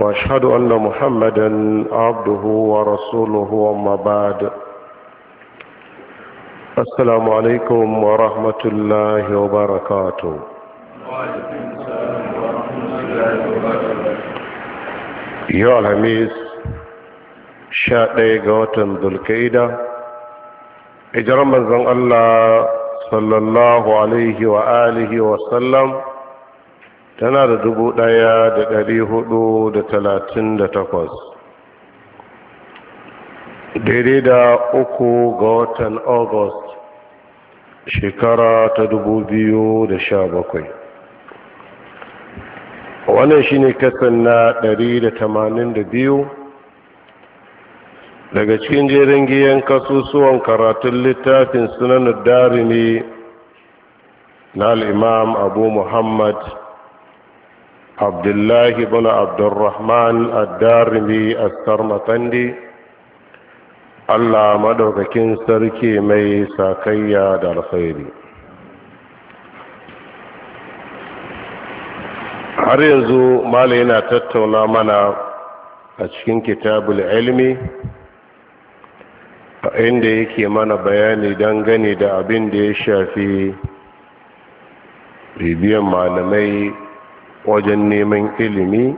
واشهد ان محمدا عبده ورسوله وما بعد السلام عليكم ورحمه الله وبركاته يا الهميس شادي غوتن ذو القيدة اجرم من الله صلى الله عليه وآله وسلم tana da dubu ɗaya da dari hudu da talatin da takwas daidai da uku ga watan august shekara ta dubu biyu da sha bakwai wannan shine kasan na dari da tamanin da biyu daga cikin jerin giyan kasusuwan karatun littafin sunanar ne na al'imam abu muhammad Abdullahi الله بن عبد الرحمن الدارمي السرمطندي الله مدوككين سركي مي ساكيا دار خيري har yanzu mala yana tattauna mana a cikin kitabul ilmi inda yake mana bayani dangane da abin da ya shafi bibiyan malamai wajen neman ilimi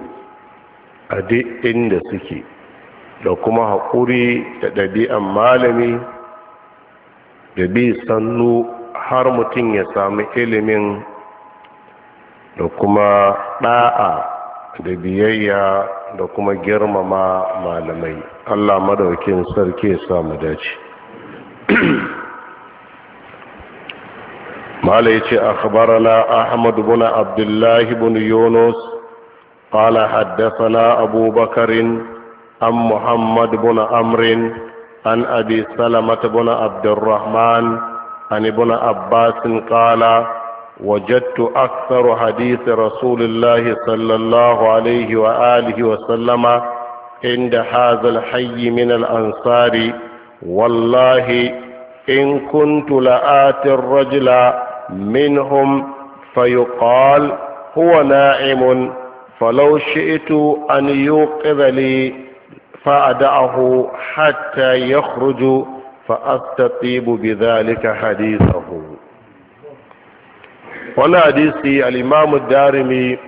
a duk inda suke da kuma haƙuri da ɗabi'an malami da bi sannu har mutum ya sami ilimin da kuma ɗa'a da biyayya da kuma girmama malamai allah madaukin sarki ya samu dace قال يتي أخبرنا أحمد بن عبد الله بن يونس قال حدثنا أبو بكر عن محمد بن أمر عن أبي سلمة بن عبد الرحمن عن ابن عباس قال وجدت أكثر حديث رسول الله صلى الله عليه وآله وسلم عند هذا الحي من الأنصار والله إن كنت لآتي الرجل منهم فيقال هو نائم فلو شئت أن يوقظ لي فأدعه حتى يخرج فأستطيب بذلك حديثه وانا حديثي الإمام الدارمي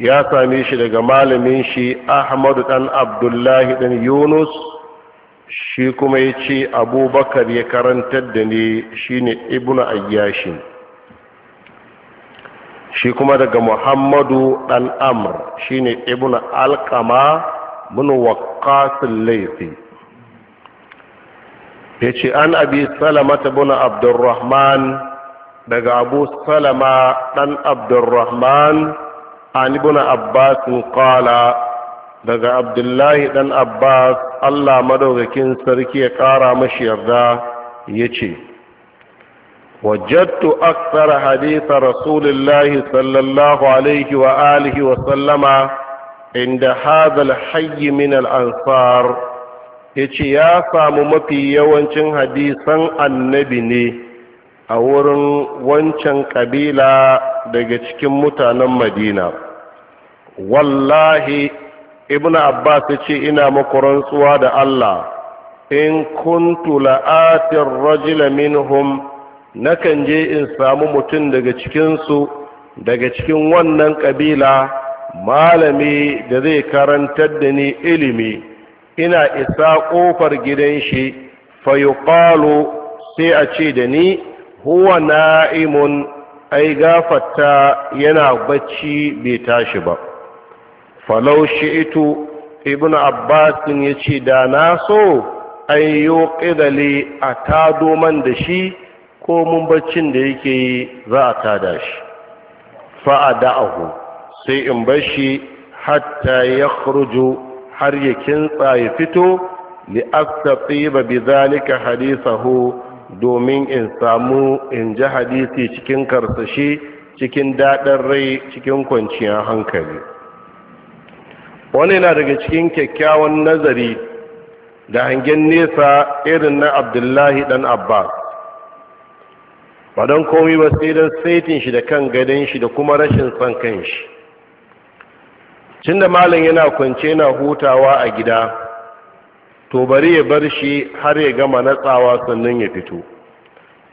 يا ساميش لقمال منشي أحمد عن عبد الله بن يونس shi kuma ya ce abubakar ya karantar da ne ne ibn ayyashin shi kuma daga muhammadu dan amr ne ibn alkama bin waqqasil laifi ya ce an abi salamata bin abdurrahman daga abu salama dan abdurrahman an ibn abbasin kala daga abdullahi ɗan abbas allah madaukakin sarki ya ƙara mashi yarda ya ce wajattu aksar haditha rasulullahi sallallahu alaihi wa alihi wa sallama inda hazal hayyi min al'ansar ya ce ya samu mafi yawancin hadisan annabi ne a wurin wancan ƙabila daga cikin mutanen madina wallahi ibn abbas ya ce ina muku rantsuwa da allah in kuntu la'atin rajula minhum nakan je in samu mutum daga cikinsu daga cikin wannan ƙabila malami da zai karantar da ni ilimi ina isa ƙofar gidan shi fayuqalu sai a ce da ni huwa na'imun ai gafarta yana bacci bai tashi ba falau shi'itu ibn abbas ya ce da na so an yi a tado man da shi ko mun baccin da yake yi za a tada shi fa'ada'ahu sai in bar shi hatta ya har ya kintsa ya fito tsiba bi zalika hadisahu domin in samu in ji hadisi cikin karsashi cikin daɗin rai cikin kwanciyar hankali wani yana daga cikin kyakkyawan nazari da hangen nesa irin na abdullahi ɗan Abba, ba don komi ba sai don saitin shi da kan gadon shi da kuma rashin son kan shi cin da malin yana kwance na hutawa a gida to bari ya bar shi har ya gama natsawa sannan ya fito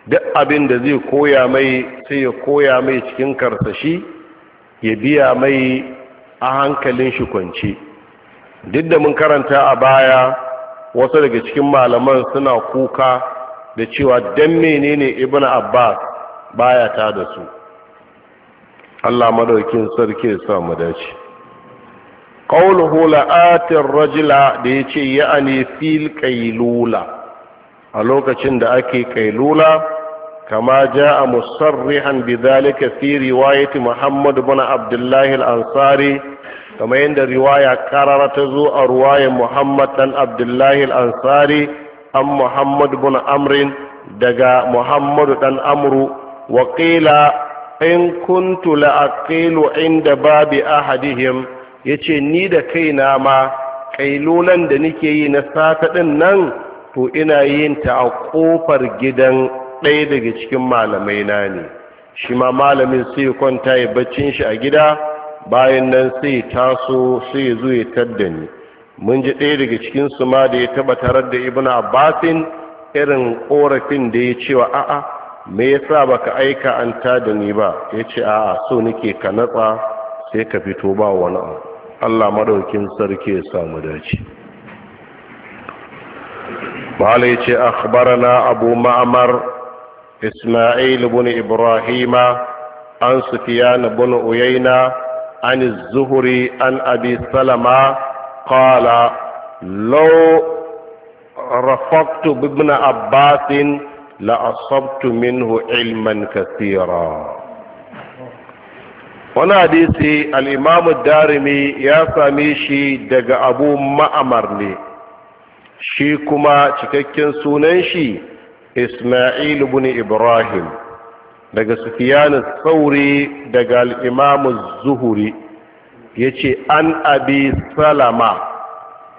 duk abin da zai koya mai sai ya koya mai cikin karsashi ya biya mai a hankalin shi kwance duk da mun karanta a baya wasu daga cikin malaman suna kuka da cewa don menene ibn abbas baya ta da su allah madaukin sarki ya samu dace ƙaunuhu la'atin rajila da ya ani ya'ani fil kailula a lokacin da ake kailula كما جاء مصرحا بذلك في رواية محمد بن عبد الله الأنصاري كما عند رواية كررت زوء رواية محمد بن عبد الله الأنصاري أم محمد بن أمر دقا محمد بن أمر وقيل إن كنت لأقيل عند باب أحدهم yace ni da kaina ma kailulan da nake yi na sata din nan to ina yin ta a kofar gidan ɗaya daga cikin malamai na ne shi ma malamin sai kwanta ya baccin shi a gida bayan nan sai taso sai zo ya tadda ni mun ji ɗaya daga cikin su ma da ya taba tarar da ibnu abbasin irin korafin da ya ce wa a'a me yasa baka aika an tada ni ba ya ce a'a so nake ka natsa sai ka fito ba wani abu Allah madaukin sarki ya samu dace bala ya ce akhbarana abu ma'amar إسماعيل بن إبراهيم عن سفيان بن أيينة عن الزهري عن أبي سلمة قال لو رفقت بابن عباس لأصبت منه علما كثيرا wani hadisi al'imamu darimi ya same shi daga abu ma'amar ne shi kuma cikakken sunan shi isma'il ibn ibrahim daga sufyan sauri daga al-imam zuhuri yace an abi salama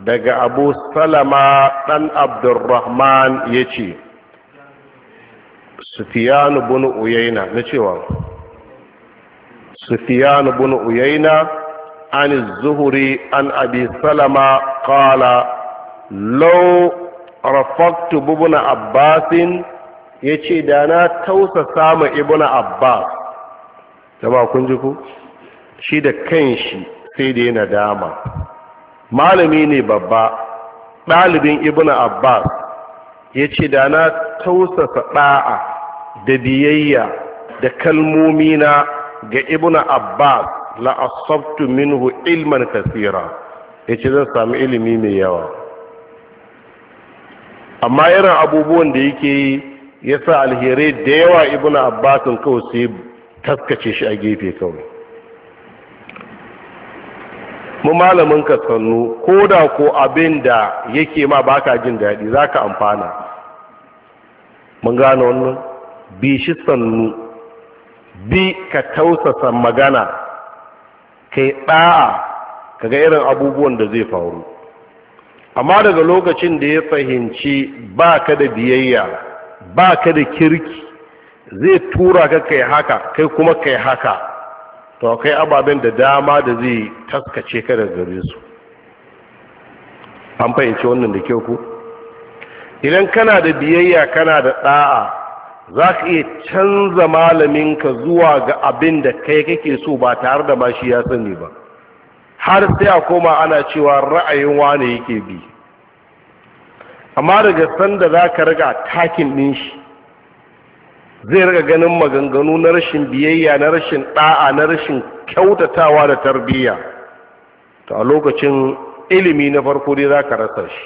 daga abu salama dan abdurrahman yace sufyan ibn uyayna na cewa sufyan ibn uyayna an az an abi salama qala law rafaktu bubuna abbasin ya ce da na tausa sama ibuna abbas zama kun ji shi da kanshi sai da yana dama malami ne babba ɗalibin ibuna abbas ya ce da na tausa ɗa'a da biyayya da kalmomina ga ibuna abbas la'asabtu minhu ilman kasira ya ce zan sami ilimi mai yawa amma irin abubuwan da yake yi ya sa alherai da yawa ibn abbasin kawai sai taskace shi a gefe kawai mu malamin ka sannu ko da ko abin da yake ma baka jin daɗi za ka amfana mun gano wannan bi shi sannu bi ka tausasa magana kai ɗa'a kaga irin abubuwan da zai faru amma daga lokacin da ya fahimci ba ka da biyayya ba ka da kirki zai tura ka kai haka kai kuma kai haka to kai ababen da dama da zai taskace ka daga gare su an fahimci wannan da kyau ku idan kana da biyayya kana da ɗa'a za ka iya canza malaminka zuwa ga abin da kai kake so ba tare da ma shi ya sani ba har sai a koma ana cewa ra'ayin wane yake bi amma daga sanda za ka riga takin ɗin shi zai riga ganin maganganu na rashin biyayya na rashin ɗa'a na rashin kyautatawa da tarbiyya to a lokacin ilimi na farko dai za ka rasa shi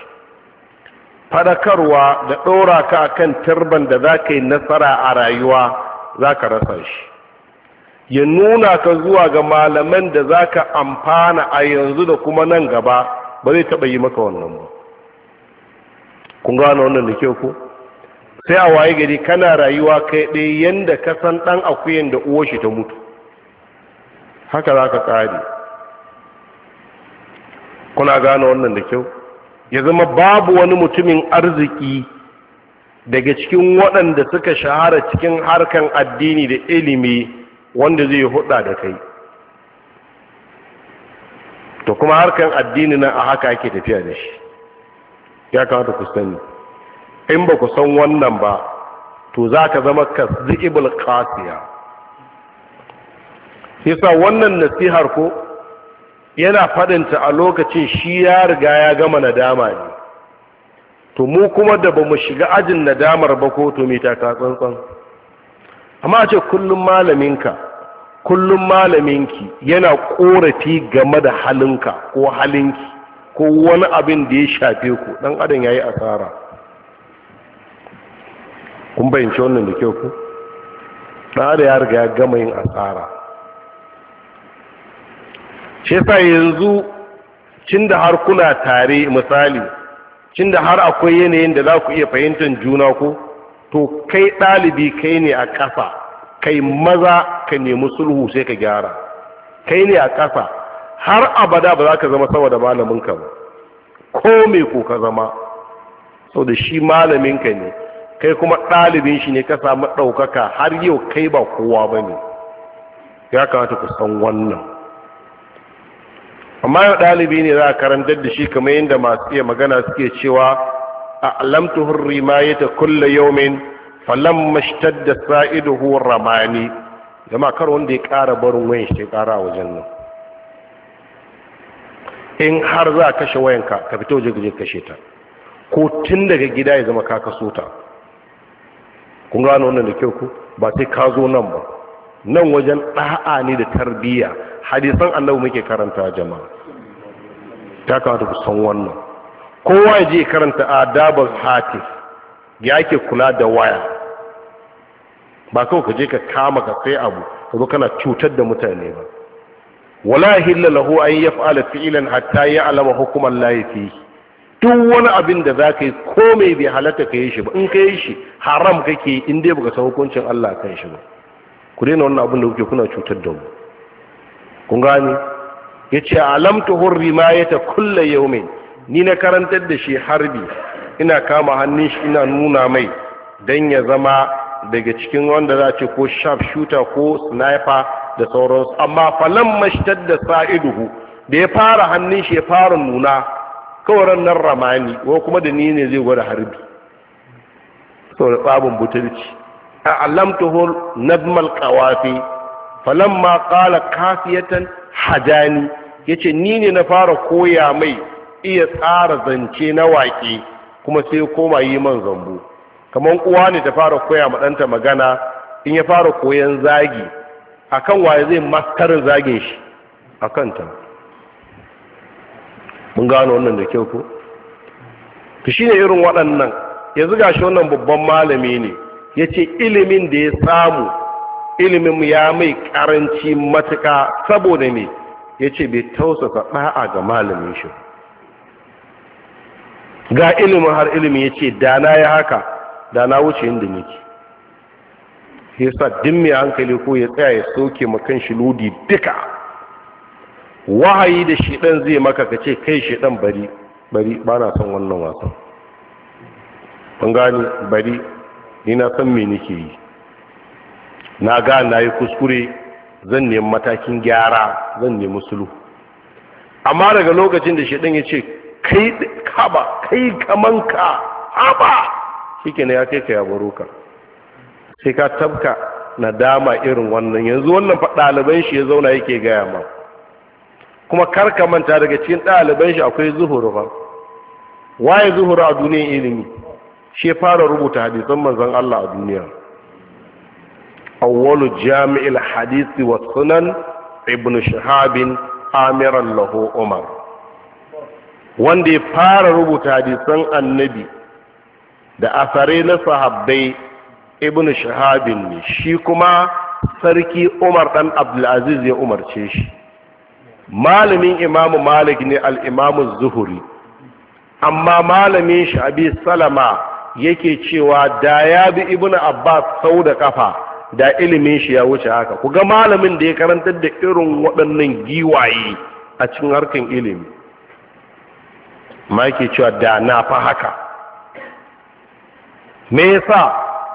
fadakarwa da ɗora ka kan turban da za ka yi nasara a rayuwa za ka rasa shi ya nuna ka zuwa ga malaman da za ka amfana a yanzu da kuma nan gaba ba zai taɓa yi maka wannan ba kun gano wannan da kyau ko sai a waye gari kana rayuwa kai ɗaya yadda ka san ɗan akuyan da uwar shi ta mutu haka za ka tsari. kuna gano wannan da kyau ya zama babu wani mutumin arziki daga cikin waɗanda suka shahara cikin harkan addini da ilimi wanda zai huɗa da kai to kuma harkan addini na a haka ake tafiya da shi ya kamata ku sani in ba ku san wannan ba to za ka zama zi'ibul qasiya yasa wannan nasihar ko yana faɗinta a lokacin shi ya riga ya gama nadama ne to mu kuma da bamu shiga ajin nadamar ba ko to me taka tsantsan amma a ce kullum malaminka kullum malaminki yana korafi game da halinka ko halinki ko wani abin da ya shafe ku dan adam yayi asara kun bayyance wannan da kyau ku dan adam ya riga ya gama yin asara shi yasa yanzu cin da har kuna tare misali cin da har akwai yanayin da za ku iya fahimtar juna ko to kai ɗalibi kai ne a ƙasa kai maza ka nemi sulhu sai ka gyara kai ne a ƙasa har abada ba za ka zama saboda malaminka ba ko me ko ka zama sau da shi malaminka ne kai kuma ɗalibin shi ne ka samu ɗaukaka har yau kai ba kowa ba ne ya kamata ku san wannan amma yau ɗalibi ne za a karantar da shi kamar yadda masu iya magana suke cewa a'lamtuhu rimayata kulla yawmin falamma ishtadda sa'iduhu ramani jama kar wanda ya ƙara barin wayan shi ƙara wajen nan in har za a kashe wayanka ka fito waje gaje kashe ta ko tun daga gida ya zama ka kaso kun gano wannan da kyau ku ba sai ka zo nan ba nan wajen ɗa'a ne da tarbiyya hadisan annabi muke karanta jama'a ta kamata ku san wannan kowa ya je karanta adabul hatif ya ke kula da waya ba kawai ka je ka kama ka kai abu ka zo kana cutar da mutane ba wala hilla lahu an yaf'ala fi'lan hatta ya'lama hukuman lahi fi duk wani abin da zaka yi ko bai halatta ka yi shi ba in ka yi shi haram kake in dai baka san hukuncin Allah kan shi ba ku daina wannan abin da kuke kuna cutar da mu kun gane yace alam tuhurri ma ya yata kullu yawmin ni na karantar da shi harbi ina kama hannun shi ina nuna mai don ya zama daga cikin wanda za ce ko sharp shooter ko sniper da sauransu amma falon mashtar da sa'iduhu da ya fara hannun shi ya fara nuna kawaran nan ramani ko kuma da ni ne zai gwada harbi saboda tsabin butulci a alamtuhu nadmal falon ma kala kafiyatan hajani yace ni ne na fara koya mai iya tsara zance na waƙe kuma sai koma yi man zambu. kamar uwa ne ta fara koya ma magana in ya fara koyan zagi akan waye zai maskarin zagin shi a kanta mun gano wannan da kyau ko shi ne irin waɗannan Ya ziga shi wannan babban malami ne Ya ce ilimin da ya samu ilimin ya mai karanci matuka saboda me ce bai tausasa da'a ga malamin shi ga ilimin har ilimi ya ce da ya haka dana na wuce inda nake ya din mai hankali ko ya tsaya ya soke makan shi lodi duka wahayi da shidan zai maka ka ce kai shidan bari bari ba na son wannan wasan ban gani bari ni na san me nake yi na ga na yi kuskure zan nemi matakin gyara zan nemi sulhu amma daga lokacin da shidan ya ce kai kaba kai kaman ka haba shikenan ya kai ka ya baro ka sai ka tabka nadama irin wannan yanzu wannan fa ɗaliban shi ya zauna yake gaya ma kuma kar ka manta daga cikin ɗaliban shi akwai zuhuru ba waye zuhuru a duniyar ilimi shi fara rubuta hadisan manzon Allah a duniya awwalu jami'il hadisi wa sunan ibnu shahabin amiran lahu umar wanda ya fara rubuta hadisan annabi da asare na sahabbai ibn shahabin ne shi kuma sarki umar dan abdulaziz ya umarce shi malamin imamu malik ne al'imamu zuhuri amma malamin shabi salama yake cewa da ya bi ibn abbas sau da kafa da ilimin shi ya wuce haka ku ga malamin da ya karantar da irin waɗannan giwaye a cikin harkar ilimi ma yake cewa da na fa haka me yasa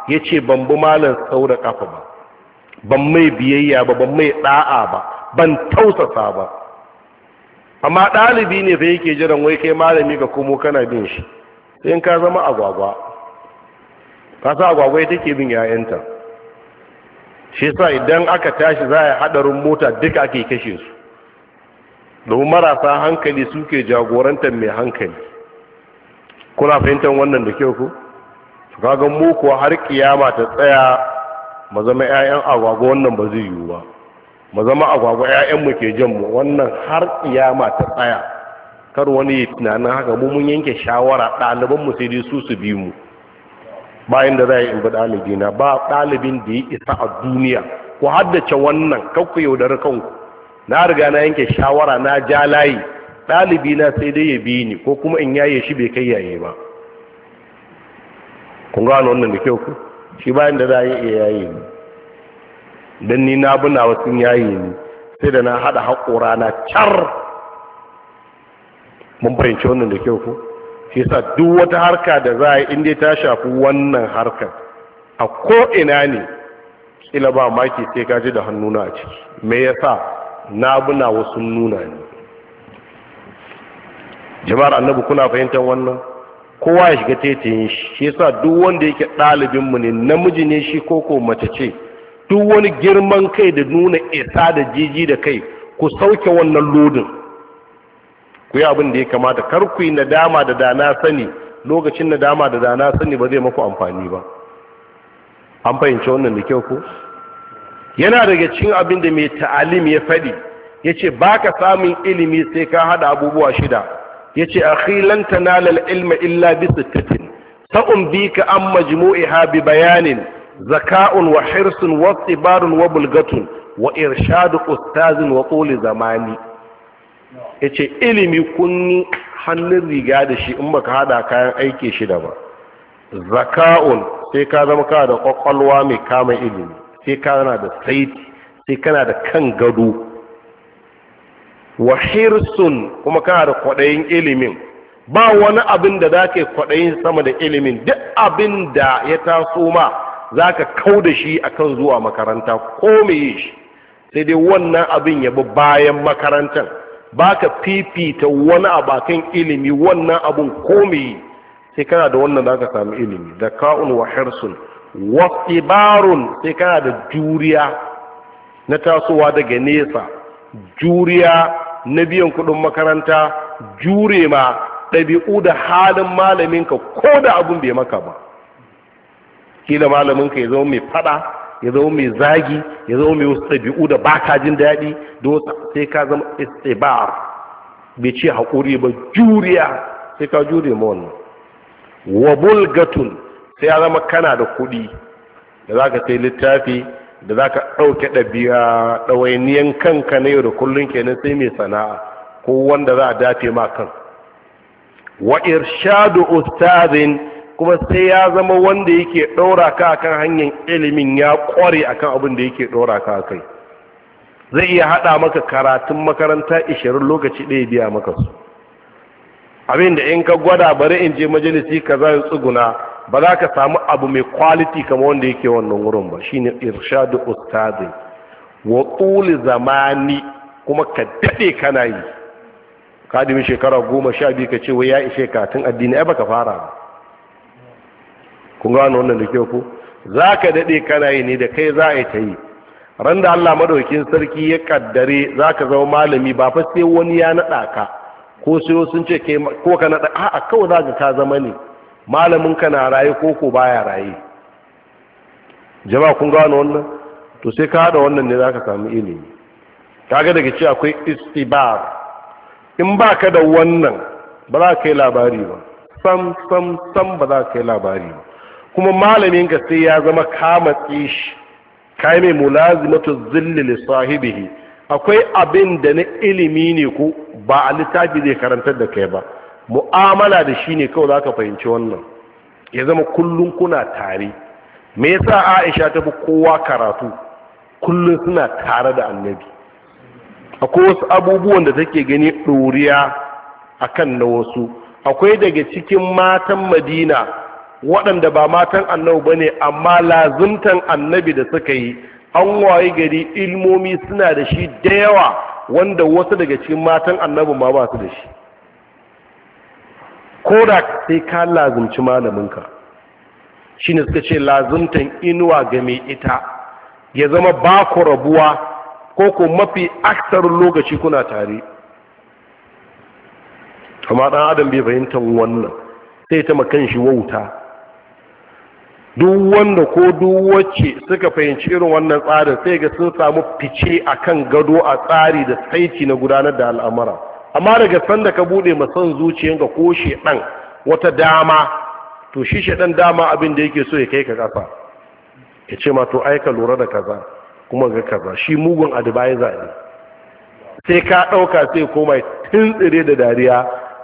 yace ban bi malam saura kafa ba ban mai biyayya ba ban mai da'a ba ban tausasa ba amma dalibi ne fa yake jiran wai kai malami ga komo kana bin shi sai in ka zama agwagwa ka sa agwagwa ita ke bin 'ya'yanta shi sa idan aka tashi za a yi haɗarin mota duka ake kashe su da marasa hankali suke jagorantar mai hankali kuna fahimtar wannan da kyau ku su kagan har kiyama ta tsaya ma zama 'ya'yan agwagwa wannan ba zai yiwu ba ma zama agwagwa 'ya'yan mu ke jan mu wannan har kiyama ta tsaya kar wani ya tunanin haka mu mun yanke shawara ɗaliban mu sai dai su su bi mu bayan da za a yi in bi ɗalibi na ba ɗalibin da ya isa a duniya ku haddace wannan kakku yaudari kanku na riga na yanke shawara na ja layi ɗalibi na sai dai ya bi ni ko kuma in yaye shi bai kai yaye ba kun gano wannan da kyau ku shi bayan da za a iya yaye ni don ni na buna wasu yaye ni sai da na haɗa haƙora na car mun fahimci wannan da kyau ku shi sa duk wata harka da za a yi inda ta shafi wannan harkar a ko ina ne Ila ba maki sai ka da hannuna a ciki me yasa na buna wasu nuna ne jama'ar annabi kuna fahimtar wannan kowa ya shiga tetin shi shi yasa duk wanda yake mu ne namiji ne shi koko mace ce duk wani girman kai da nuna isa da jiji da kai ku sauke wannan lodin ku yi abin da ya kamata kar ku yi nadama da dana sani lokacin nadama da dana sani ba zai maku amfani ba an fahimci wannan da kyau ko. yana daga cikin abin da mai ta'alim ya faɗi ya ce ba ka samun ilimi sai ka haɗa abubuwa shida ya ce a khilanta na lal'ilma illa bisu sittatin sa'un bi ka an majmu'i habi bayanin zaka'un wa hirsun wa tsibarun wa bulgatun wa irshadu ustazin wa tsoli zamani ya ce ilimi kunni hannun riga da shi in baka haɗa kayan aiki shida ba zaka'un sai ka zama ka da ƙwaƙwalwa mai kama ilimi sai kana da saiti sai kana da kan gado wa hirsun kuma kana da kwaɗayin ilimin ba wani abin da za ka yi kwaɗayin sama da ilimin duk abin da ya taso ma za ka kau da shi kan zuwa makaranta ko me shi sai dai wannan abin ya bi bayan makarantar ba ka fifita wani a bakan ilimi wannan abin ko me sai kana da wannan za ka sami ilimi da ka'un wa hirsun wasibarun sai kana da juriya na tasowa daga nesa juriya na biyan kudin makaranta jure ma ɗabi'u da halin malaminka ko da abin bai maka ba kila malaminka ya zama mai fada ya zama mai zagi ya zama mai wasu ɗabi'u da ba ka jin daɗi da wasu sai ka zama istibar bai ce haƙuri ba juriya sai ka jure ma wannan wa bulgatun sai ya zama kana da kuɗi da za ka sai littafi da za ka ɗauke ɗabi'a ɗawainiyan kanka na yau da kullum kenan sai mai sana'a ko wanda za a dafe ma kan wa irshadu ustazin kuma sai ya zama wanda yake ɗora ka akan hanyar ilimin ya ƙware akan abin da yake ɗora ka kai zai iya haɗa maka karatun makaranta ishirin lokaci ɗaya biya maka su abin da in ka gwada bari in je majalisi ka za tsuguna ba za ka samu abu mai kwaliti kama wanda yake wannan wurin ba shine irshadu ustadi wa tsuli zamani kuma ka daɗe kana yi kadimin shekara goma sha biyu ka ce wai ya ishe tun addini ai baka fara ba kun wani wannan da kyau ku za ka daɗe kana yi ne da kai za a yi ta yi ran da allah madaukin sarki ya kaddare za ka zama malami ba fa sai wani ya naɗa ka ko sai sun ce ko ka naɗa a'a kawai za ka zama ne malamin ka na raye ko ko baya raye jama'a kun gano wannan to sai ka da wannan ne za ka ilimi kaga daga ce akwai istibar in ba ka da wannan ba za ka yi labari ba sam sam sam ba za ka yi labari ba kuma malaminka sai ya zama kama tsishi kai mai mulazimatu zilli li sahibihi akwai abin da na ilimi ne ko ba a littafi zai karantar da kai ba mu'amala da shi ne kawai za ka fahimci wannan ya zama kullum kuna tare me yasa aisha ta fi kowa karatu kullum suna tare da annabi akwai wasu abubuwan da take gani ɗoriya a kan na wasu akwai daga cikin matan madina waɗanda ba matan annabi ba ne amma lazuntan annabi da suka yi an waye gari ilmomi suna da shi da yawa wanda wasu daga cikin matan annabi ma ba su da shi ko sai ka lazumci malaminka shi ne suka ce lazumtan inuwa ga mai ita ya zama ba ku rabuwa ko ku mafi aksar lokaci kuna tare amma ɗan adam bai fahimtar wannan sai ta makan shi wauta duk wanda ko duk wacce suka fahimci irin wannan tsarin sai ga sun samu fice a kan gado a tsari da saiti na gudanar da al'amura amma daga sanda ka bude masan ga ko shedan wata dama to shi shedan dama abin da yake so ya kai ka kafa ya ce ma to ai ka lura da kaza kuma ga kaza shi mugun advisor ne sai ka dauka sai koma tsire da dariya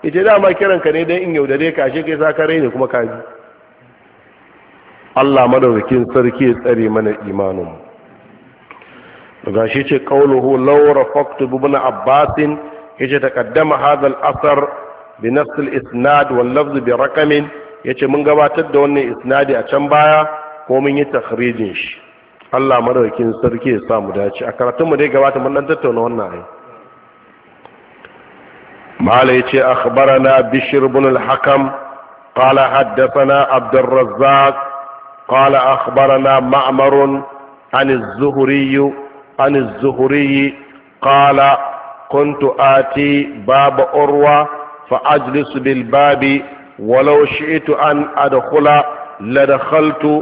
ita dama kiran ka ne dan in yaudare ka shi kai saka rai ne kuma ka ji Allah madaukakin sarki ya tsare mana imanin mu shi ce qauluhu law rafaqtu ibn abbasin yace taqaddama hadha al-asar bi nafs al-isnad wal lafz bi raqamin yace mun gabatar da wannan isnadi a can baya ko mun yi takhrijin shi Allah madaukakin sarki ya sa mu dace a karatun mu dai gabata mun dan tattauna wannan ai mala yace akhbarana bishr ibn al-hakam قال حدثنا عبد الرزاق قال أخبرنا معمر عن الزهري عن الزهري قال kuntu ati baba urwa fa ajlisu bil babi walau shi'tu an adkhula la dakhaltu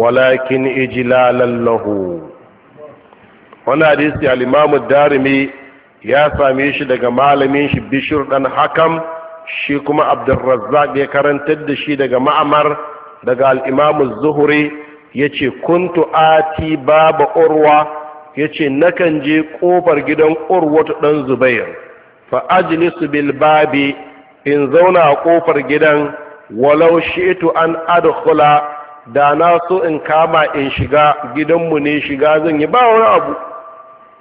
walakin ijlalan lahu wannan hadisi al-imam ad ya same shi daga malamin shi bishir dan hakam shi kuma abdurrazzaq ya karantar da shi daga ma'amar daga al-imam ya ce kuntu ati baba urwa ya ce nakan je ƙofar gidan urwatu ɗan zubair fa ajlisu bil babi in zauna a ƙofar gidan walau shi'tu an adkhula da na so in kama in shiga gidanmu ne shiga zan yi ba wani abu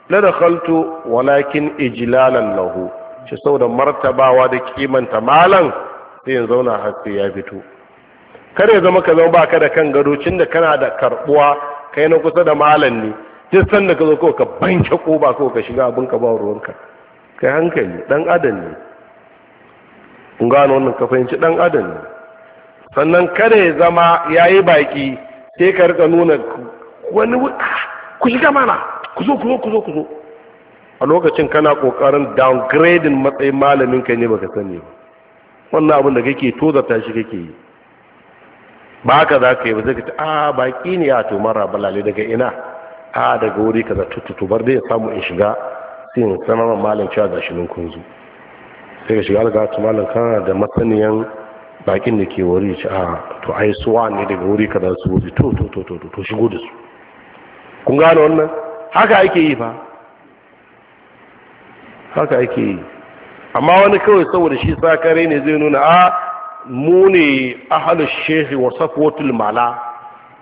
la dakhaltu walakin ijlalan lahu ce saboda martabawa da kimanta malan sai in zauna har sai ya fito kar ya zama ka zama baka da kan gado cinda kana da karbuwa kai na kusa da malan ne duk sanda ka zo ko ka banke ba ko ka shiga abin ka ba ruwanka kai hankali dan adam ne kun gano wannan ka fahimci dan adam ne sannan kada ya zama yayi baki sai ka rika nuna wani ah, ku shiga mana ku zo ku zo ku zo ku zo a lokacin kana kokarin downgrading matsayin malamin ka ne baka sani ba wannan abin da kake tozarta shi kake yi ba ka za ka yi ba zai ka ta ah, a baki ne ya to mara balale daga ina a daga wuri za tututu bar dai ya samu in shiga sin in sanar wa malam cewa ga shi kun zo sai ka shiga algatu malam kana da masaniyan bakin da ke wuri ci a ah, to ai suwa ne daga wuri za su wuri to to to to to shigo da su kun gane wannan haka ake yi fa haka ake yi amma wani kawai saboda shi sakare ne zai nuna a mu ne ahalus shehi wa safwatul mala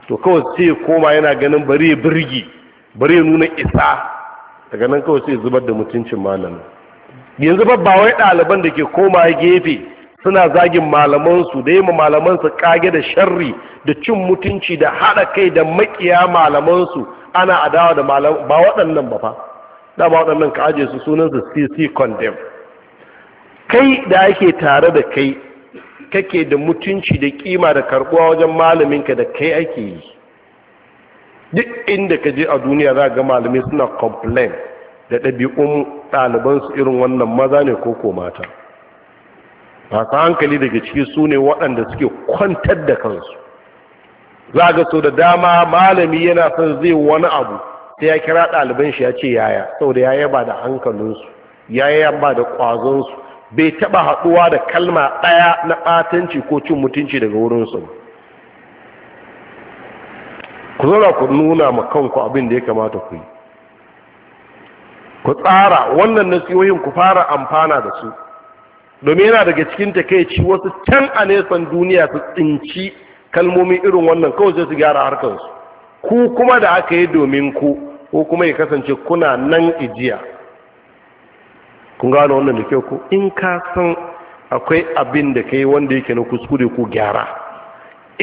to kawai sai koma yana ganin bari ya birgi bari ya nuna isa daga nan kawai sai zubar da mutuncin malamin yanzu ba ba wai ɗaliban da ke koma gefe suna zagin malamansu da yi malamansu kage da sharri da cin mutunci da haɗa kai da makiya malamansu ana adawa da malam ba waɗannan ba fa da ba waɗannan ka aje su sunan su cc condemn kai da ake tare da kai kake da mutunci da kima da karbuwa wajen malaminka da kai ake yi duk inda ka je a duniya za ga malamai suna complain da ɗabi'un ɗalibansu irin wannan maza ne ko ko mata masu hankali daga ciki su ne waɗanda suke kwantar da kansu za ga so da dama malami yana son zai wani abu sai ya kira ɗaliban shi ya ce yaya Sau da yaya ba da hankalinsu yaya ba da ƙwazonsu bai taɓa haɗuwa da kalma ɗaya na ɓatanci ko cin mutunci daga wurinsu ba ku zauna ku nuna ma kanku abin da ya kamata ku yi ku tsara wannan nasiyoyin, ku fara amfana da su domin yana daga cikin takeici wasu can a nesan duniya su tsinci kalmomi irin wannan kawai sai su gyara harkarsu ku kuma da aka yi domin ku ko kuma ya kasance kuna nan ijiya kun gano wannan da kyau ko in ka san akwai abin da ka yi wanda yake na kuskure ku gyara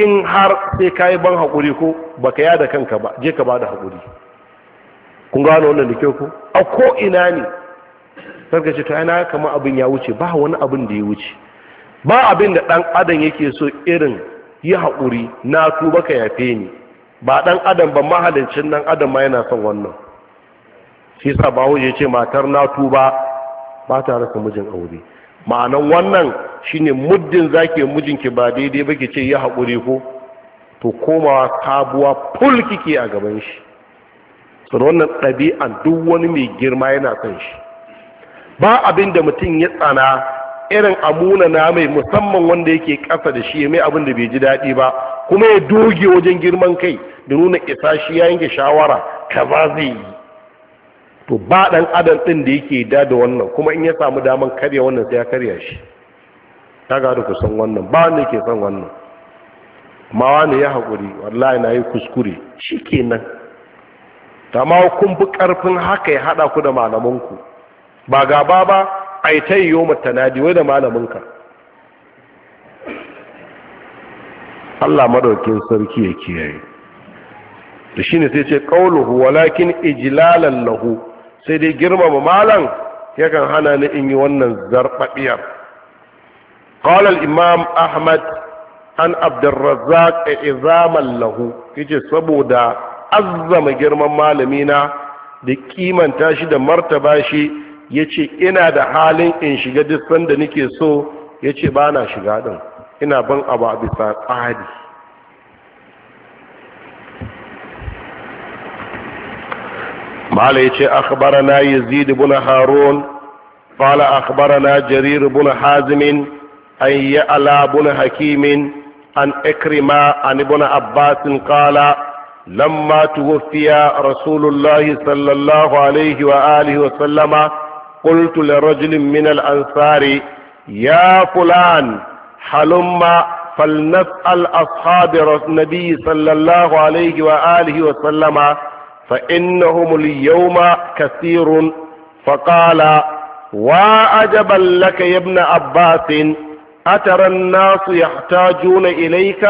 in har sai ka yi ban hakuri ko ba ka yada kanka ba je ka ba da haƙuri kun gano wannan da ke ku? a ko ina ne sarka ce to ana kama abin ya wuce ba wani abin da ya wuce ba abin da ɗan adam yake so irin yi hakuri na tuba ka yafe ni ba ɗan adam ba mahalincin dan adam ma yana son wannan shi sa ba ya ce matar na tuba ba ta rasa mijin aure ma'anan wannan shine muddin zake mijinki ba daidai ba ki ce ya haƙuri ko to komawa sabuwa ful kike a gaban shi sun wannan ɗabi'an duk wani mai girma yana kan shi ba abin da mutum ya tsana irin amuna na mai musamman wanda yake ƙasa da shi ya mai abin da bai ji daɗi ba kuma ya doge wajen girman kai da nuna isa shi ya yanke shawara kaza zai yi to ba ɗan adam ɗin da yake da da wannan kuma in ya samu daman karya wannan sai ya karya shi ta da ku san wannan ba wanda ke san wannan amma wani ya haƙuri wallahi na yi kuskure shi ta ma kun bi ƙarfin haka ya haɗa ku da malamanku ba gaba ba a yi ta yi yau matanadi wai da malaminka Allah madaukin sarki ya kiyaye da shi ne sai ce ƙauluhu walakin ijilalan lahu sai dai girmama malam yakan hana ni in yi wannan zarɓaɓiyar ƙawalar imam ahmad an abdurrazzaq a izaman lahu yace saboda azzama girman malamina da kimanta shi da martaba shi yace ina da halin in shiga duk sanda nake so yace ba na shiga din ina ban abu a bisa tsari عليه اخبرنا يزيد بن هارون قال اخبرنا جرير بن حازم ان يالا بن حكيم ان اكرم ان بن عباس قال لما توفي رسول الله صلى الله عليه واله وسلم قلت لرجل من الانصار يا فلان حلما فلنسال اصحاب النبي صلى الله عليه واله وسلم فإنهم اليوم كثير فقال وأجبا لك يا ابن عباس أترى الناس يحتاجون إليك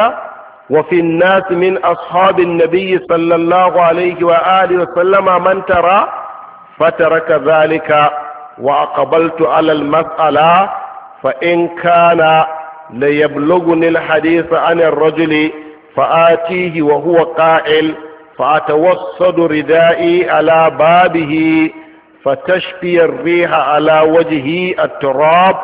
وفي الناس من أصحاب النبي صلى الله عليه وآله وسلم من ترى فترك ذلك وأقبلت على المسألة فإن كان ليبلغني الحديث عن الرجل فآتيه وهو قائل فأتوسد ردائي على بابه فتشفي الريح على وجهي التراب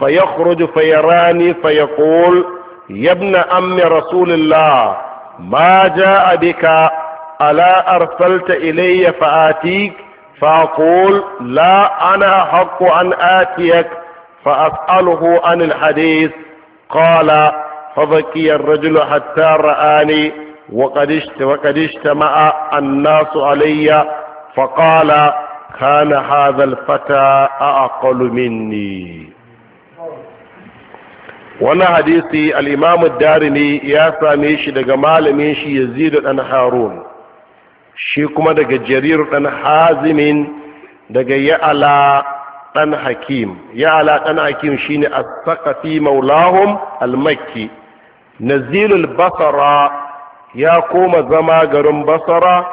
فيخرج فيراني فيقول يا ابن أم رسول الله ما جاء بك ألا أرسلت إلي فآتيك فأقول لا أنا حق أن آتيك فأسأله عن الحديث قال فبكي الرجل حتى رآني وقد اجتمع الناس علي فقال كان fata a أعقل مني Wani hadisi al'imamu darimi ya same shi daga malamin shi Yaziru ɗan harun shi kuma daga jarir ɗan hazimin daga ya'ala ɗan hakim ya'ala ɗan hakim shi ne a sakafi maulahun almakki nazilul basara ya koma zama garin basara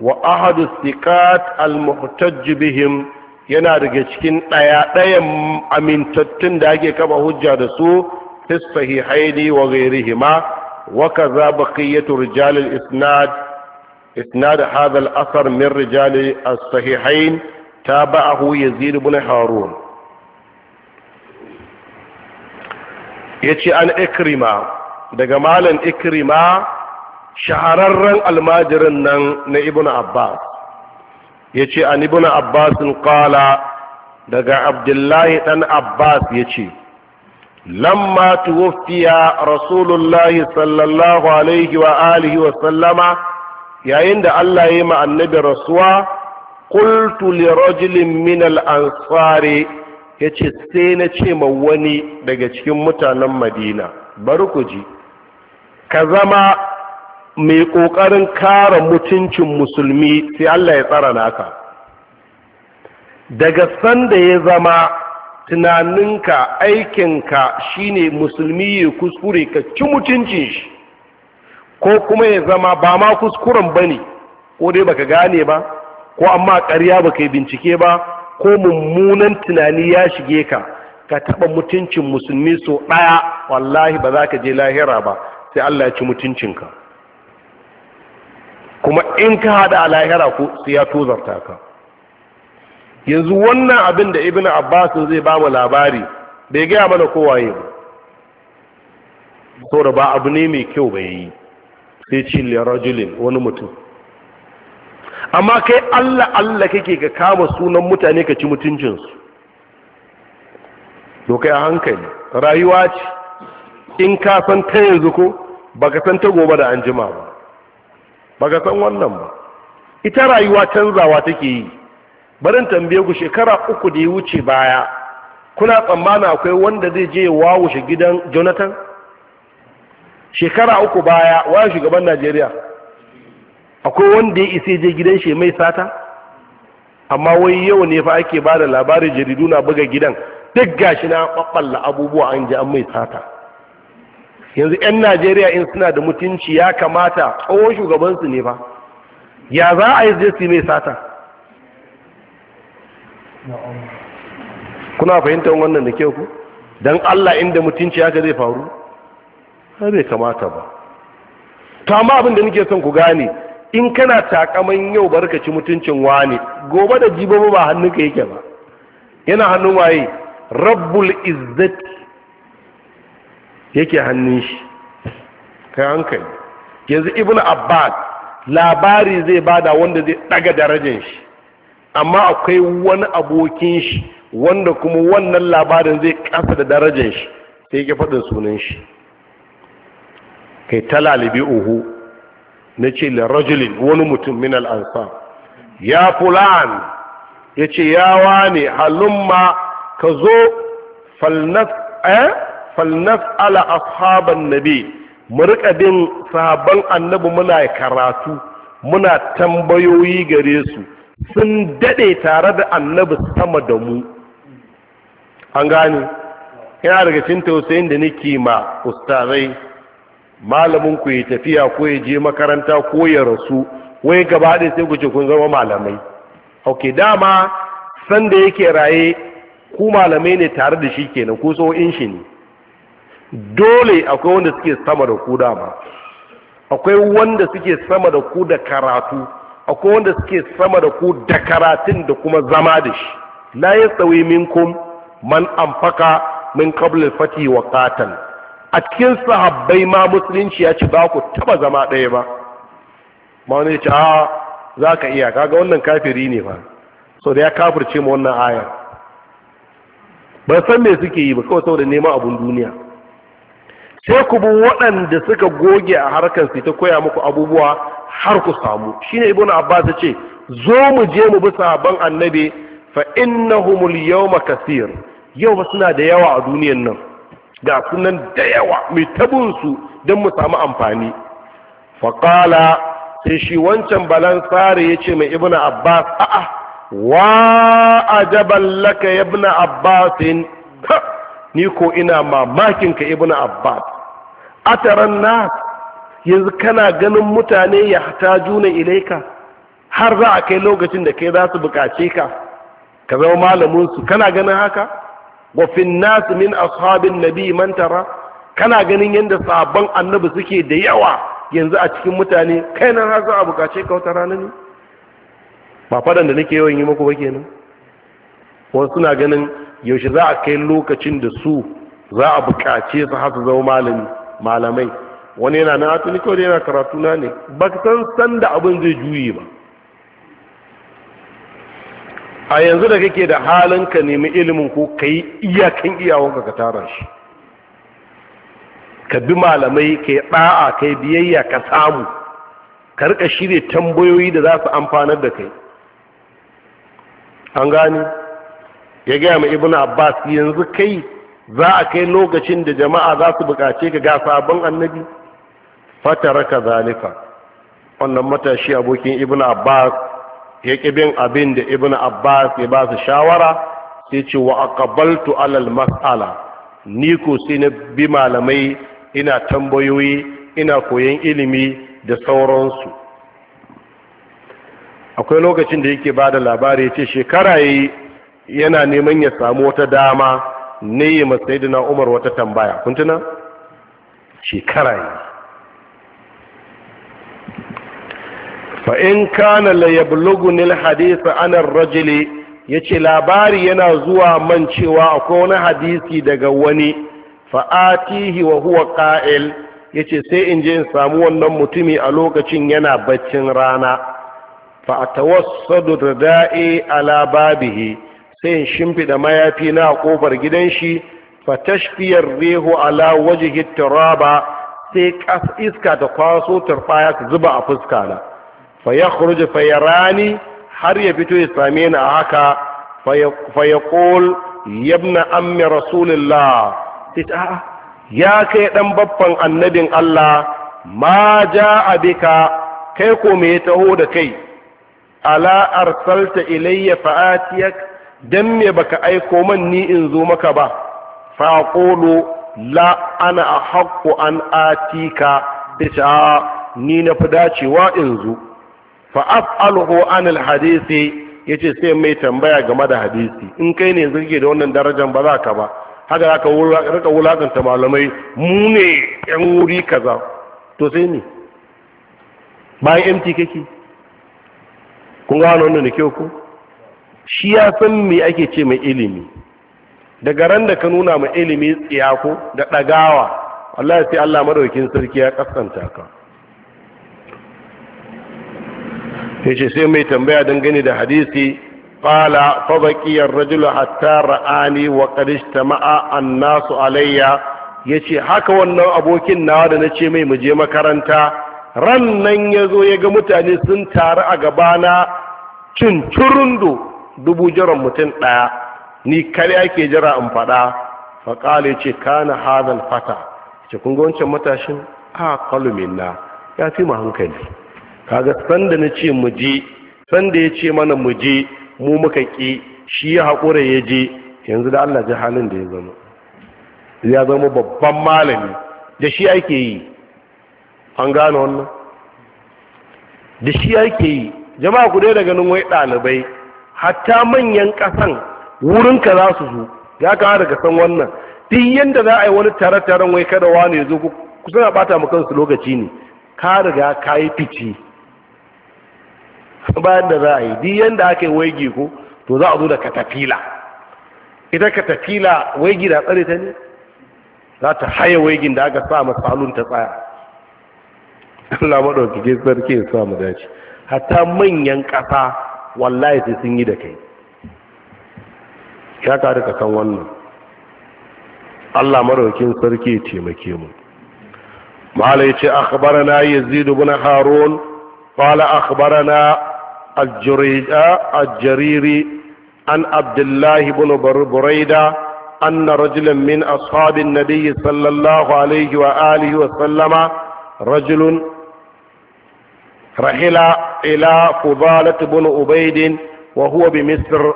wa ahadu sikat al-muhtajj bihim yana daga cikin ɗaya ɗayan amintattun da ake kaba hujja da su fi sahihaini wa ghairihima wa kaza baqiyatu rijal al-isnad isnad hadha al-athar min rijal al sahihain tabahu yazid ibn harun yace an ikrima daga malan ikrima shahararren almajirin nan na ibn abbas ya ce an ibn abbasin kala daga abdullahi dan abbas ya ce lamma tuwaffiya rasulullahi sallallahu alaihi wa alihi wa sallama yayin da allah ya yi ma annabi rasuwa rajulin min من ya yace sai na ce ma wani daga cikin mutanen madina bari ku ji ka zama mai ƙoƙarin kara mutuncin musulmi sai Allah ya tsara naka daga sanda ya zama tunaninka aikinka shine musulmi ya kuskure ka ci mutuncin shi ko kuma ya zama ba ma kuskuren ba ne ko dai baka gane ba ko amma ƙarya baka yi bincike ba ko mummunan tunani ya shige ka ka taɓa mutuncin musulmi so ɗaya wallahi ba za ka je lahira ba sai Allah ya ci mutuncinka kuma in ka hada a lahira ko sai ya tozarta ka yanzu wannan abin da ibn abbas zai ba mu labari bai gaya mana waye ba saboda ba abu ne mai kyau bai yi sai cille rajulin wani mutum amma kai allah allah kake ka kama sunan mutane ka ci mutuncinsu to kai a hankali rayuwa ce in ka san ta yanzu ko baka san ta gobe da anjima ba ga san wannan ba ita rayuwa canzawa take yi barin tambaye ku shekara uku da ya wuce baya kuna tsammana akwai wanda zai je shi gidan jonathan shekara uku baya wa shugaban najeriya akwai wanda ya isa je gidan shi mai sata amma wai yau ne fa ake ba da labarin jaridu na buga gidan duk gashi na ɓaɓɓalla abubuwa an ji an mai sata yanzu 'yan najeriya in suna da mutunci ya kamata tsohon shugabansu ne ba ya za a yi zai mai sata kuna fahimtar wannan da kyau ku don allah inda mutunci haka zai faru zai kamata ba ta ma abin da nake son ku gane in kana takaman yau barkaci mutuncin wani gobe da jibo ba hannunka yake ba yana hannun waye rabbul izzati yake hannun shi kai hankali yanzu ibn abbas labari zai bada wanda zai daga darajar shi amma akwai wani abokin shi wanda kuma wannan labarin zai kasa da darajar shi sai yake faɗin sunan shi kai talalibi uhu na ce larajulin wani mutum min al'ansa ya fulan ya ce yawa ne halumma ka zo falnas eh ala ashaban nabi mu rika bin sahabban annabi muna karatu muna tambayoyi gare su sun dade tare da annabi sama da mu an gane yana daga cin tausayin da nake ma ustazai malamin ku ya tafiya ko ya je makaranta ko ya rasu wai gaba ɗaya sai ku ce kun zama malamai ok dama sanda yake raye ku malamai ne tare da shi kenan so tsohon shi ne dole akwai wanda suke sama da ku dama akwai wanda suke sama da ku da karatu akwai wanda suke sama da ku da karatun da kuma zama da shi la min minkum man amfaka min qabl fati wa qatal a cikin sahabbai ma musulunci ya ci ba ku taba zama ɗaya ba ma wani ya ce a za ka iya kaga wannan kafiri ne ba sau da ya kafirce ma wannan ayar ba san me suke yi ba kawai saboda neman abun duniya sai ku bi waɗanda suka goge a harkar su ta koya muku abubuwa har ku samu shine ibnu abbas ya ce zo mu je mu bi sahabban annabi fa innahumul yawma kaseer yau ba suna da yawa a duniyar nan ga sunan da yawa mai tabun don mu samu amfani faƙala sai shi wancan balan tsari ya ce mai ibn abbas a'a wa ajaballaka laka ibn abbasin ni ko ina mamakin ka ibn abbas ataran na yanzu kana ganin mutane ya juna ilaika har za a kai lokacin da kai za su bukace ka ka zama malamin su kana ganin haka wa fin nas min ashabin nabi man tara kana ganin yadda sabon annabi suke da yawa yanzu a cikin mutane kai nan har za a bukace ka wata rana ne ba fadan da nake yawan yi muku ba kenan wasu na ganin yaushe za a kai lokacin da su za a bukace su hasu zama malami malamai wani yana na tuni kawai yana karatu ne ba san san da abin zai juyi ba a yanzu da kake da halin ka nemi ilimin ko ka yi iyakan iyawon ka tara shi ka bi malamai ka yi ɗa'a ka yi biyayya ka samu ka rika shirya tambayoyi da za su amfanar da kai an gane ya gaya ma ibn abbas yanzu kai za a kai lokacin da jama'a za su bukace ka ga sabon annabi fataraka Zalifa wannan matashi abokin ibn abbas ya bin abin da ibn abbas ya ba su shawara sai ce wa aqabaltu alal mas'ala ni ko sai na bi malamai ina tambayoyi ina koyon ilimi da sauransu akwai lokacin da yake ba da labari ya ce shekara yi yana neman ya samu wata dama ne da na umar wata tambaya kuntuna shekara yi fa'in kana nil hadisa anar rajili ya ce labari yana zuwa man cewa akwai wani hadisi daga wani fa'atihi wa huwa ƙa'il ya ce sai in je in samu wannan mutumi a lokacin yana baccin rana sadu da da'i ala labarihi sai in shimfiɗa mayafi na a ƙofar gidan shi fa tashfiyar rehu ala wajhi turaba sai iska ta kwaso turbaya ta zuba a fuska na fa yakhruju fa yarani har ya fito ya same ni a haka fa yaqul yabna ammi rasulillah ita ya kai dan babban annabin Allah ma ja'a bika kai ko me taho da kai ala arsalta ilayya fa'atiyak dan me baka aiko man ni in zo maka ba fa qulu la ana ahqqu an atika bisa ni na fi dacewa in zo fa as'aluhu an al hadisi yace sai mai tambaya game da hadisi in kai ne yanzu da wannan darajar ba za ka ba haka zaka rika wulakanta malamai mu ne yan wuri kaza to sai ne bayan mt kake kun gano wannan da kyau ko shi ya san me ake ce mai ilimi daga ran da ka nuna mai ilimi tsiyako da ɗagawa Allah sai Allah madaukin sarki ya kaskanta ka sai ce sai mai tambaya dangane da hadisi qala fa baqiya ar-rajul hatta ra'ani wa qad istama'a an-nasu alayya yace haka wannan abokin nawa da nace mai muje makaranta ran nan yazo yaga mutane sun taru a gabana cin turundo dubu jiran mutum ɗaya ni kare ke jira in faɗa faƙali ce kana hadal fata ce kun wancan matashin a kalumin na ya fi mu hankali kaga sanda na ce mu je sanda ya ce mana mu je mu muka ƙi shi ya haƙura ya je yanzu da Allah ji halin da ya zama ya zama babban malami da shi ake yi an gane wannan da shi ake yi jama'a ku dai da ganin wai ɗalibai hatta manyan ƙasan wurinka za su zo ya kawo daga san wannan duk yadda za a yi wani tare-taren wai kada wani ya zo kusa na bata kansu lokaci ne ka riga ka yi fici bayan da za a yi duk yadda aka yi waigi ko to za a zo da katafila ita katafila waigi da tsare ta ne za ta haya waigin da aka sa masu halun ta tsaya Allah maɗaukake sarki ya sa mu dace hatta manyan ƙasa wallahi sai sun yi da kai ya ka da kan wannan Allah maraukin sarki ya taimake mu mala yace akhbarana yazid ibn harun qala akhbarana al-jariri an abdullah ibn burayda anna rajulan min ashabin nabiy sallallahu alaihi wa alihi wa sallama rajulun رحل إلى فضالة بن أبيد وهو بمصر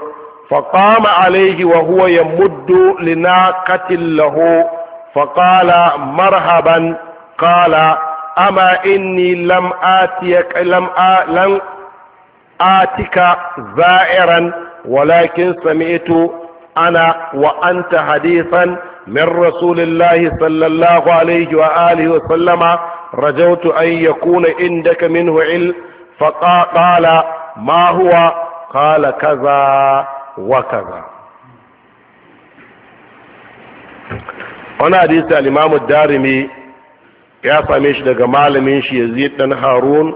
فقام عليه وهو يمد لناقة له فقال مرحبا قال أما إني لم آتيك لم آ لم آتك زائرا ولكن سمعت أنا وأنت حديثا من رسول الله صلى الله عليه وآله وسلم رجوت أن يكون عندك منه علم فقال ما هو قال كذا وكذا wani hadisi al-imamu darimi ya same shi daga malamin shi yazid dan harun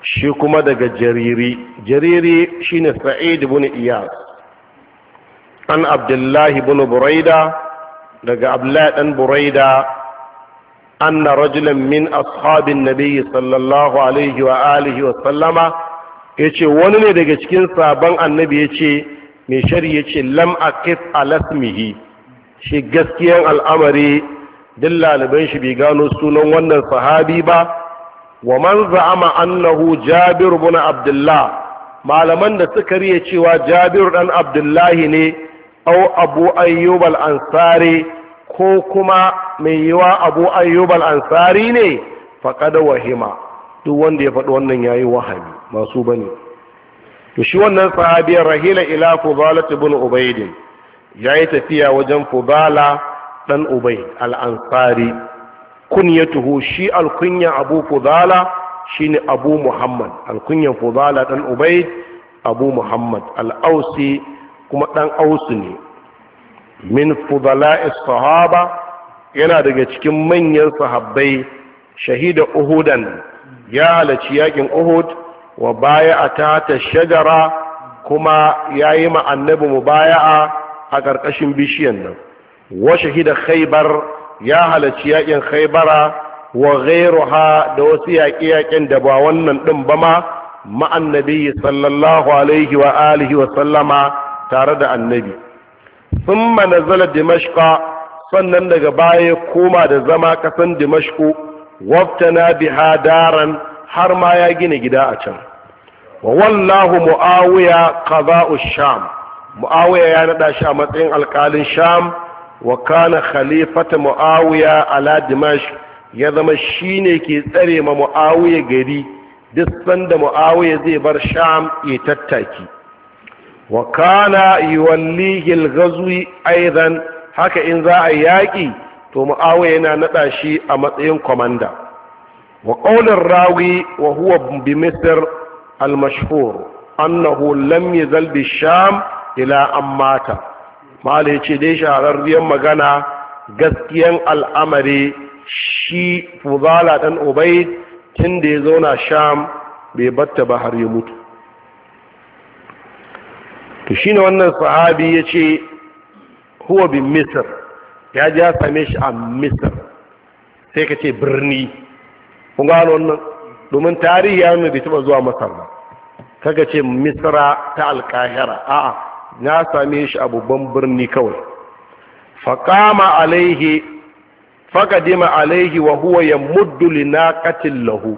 shi kuma daga jariri jariri shine sa'id ibn iyas an abdullahi ibn buraida daga abdullahi ɗan buraida أن رجلا من أصحاب yace wani ne daga cikin sabon annabi yace mai shari yace alasmihi shi gaskiyan al'amari dillaliban shi bai gano sunan wannan sahabi ba wa man za'ama annahu jabir ibn malaman da suka riya cewa Jabiru dan abdullahi ne au abu ayyub al ko kuma mai yiwa abu ayyubal ansari ne faƙada wahima duk wanda ya faɗi wannan ya yi wahami masu ba ne to shi wannan sahabiyar rahila ila fubala bin ubaidin ya yi tafiya wajen fubala ɗan ubay al'ansari tuhu shi alkunya abu fubala shine abu muhammad alkunyan fubala ɗan ubaid abu muhammad al'ausi kuma ɗan ausu ne min fudala'is sahaba yana daga cikin manyan sahabbai shahida uhudan ya halarci yakin uhud wa baya a tata shajara kuma ya yi ma'annabi mu baya a ƙarƙashin bishiyan nan wa shahida khaibar ya halarci yakin khaibara wa ghairuha da wasu yaƙe-yaƙen da ba wannan ɗin ba ma ma'annabi sallallahu alaihi wa alihi wa sallama tare da annabi sun nazala dimashqa sannan daga baya koma da zama kasan dimashku waftana biha daran har ma ya gina gida a can wa wallahu muawiya qada'u sham muawiya ya nada shi matsayin alkalin sham wa kana khalifata muawiya ala dimashq ya zama shine ke tsare ma muawiya gari duk sanda muawiya zai bar sham ya tattaki wa kana yuwallihi al-ghazwi haka in za a yaki to muawiya yana naɗa shi a matsayin kwamanda wa qawlur rawi wa huwa bi misir al annahu lam yazal sham ila ammata ya ce dai shahararriyar magana gaskiyan al'amari shi fuzala ɗan ubaid tun da ya zauna sham bai batta ba har ya mutu to shine wannan sahabi ya ce huwa bin misir ya ji ya same shi a misir sai ka ce birni kun gano wannan domin tarihi ya nuna bai taba zuwa masar ba kaga ce misira ta alkahira a'a na same shi a babban birni kawai faƙama alaihi faqadima alaihi wa huwa ya yamuddu linaqatin lahu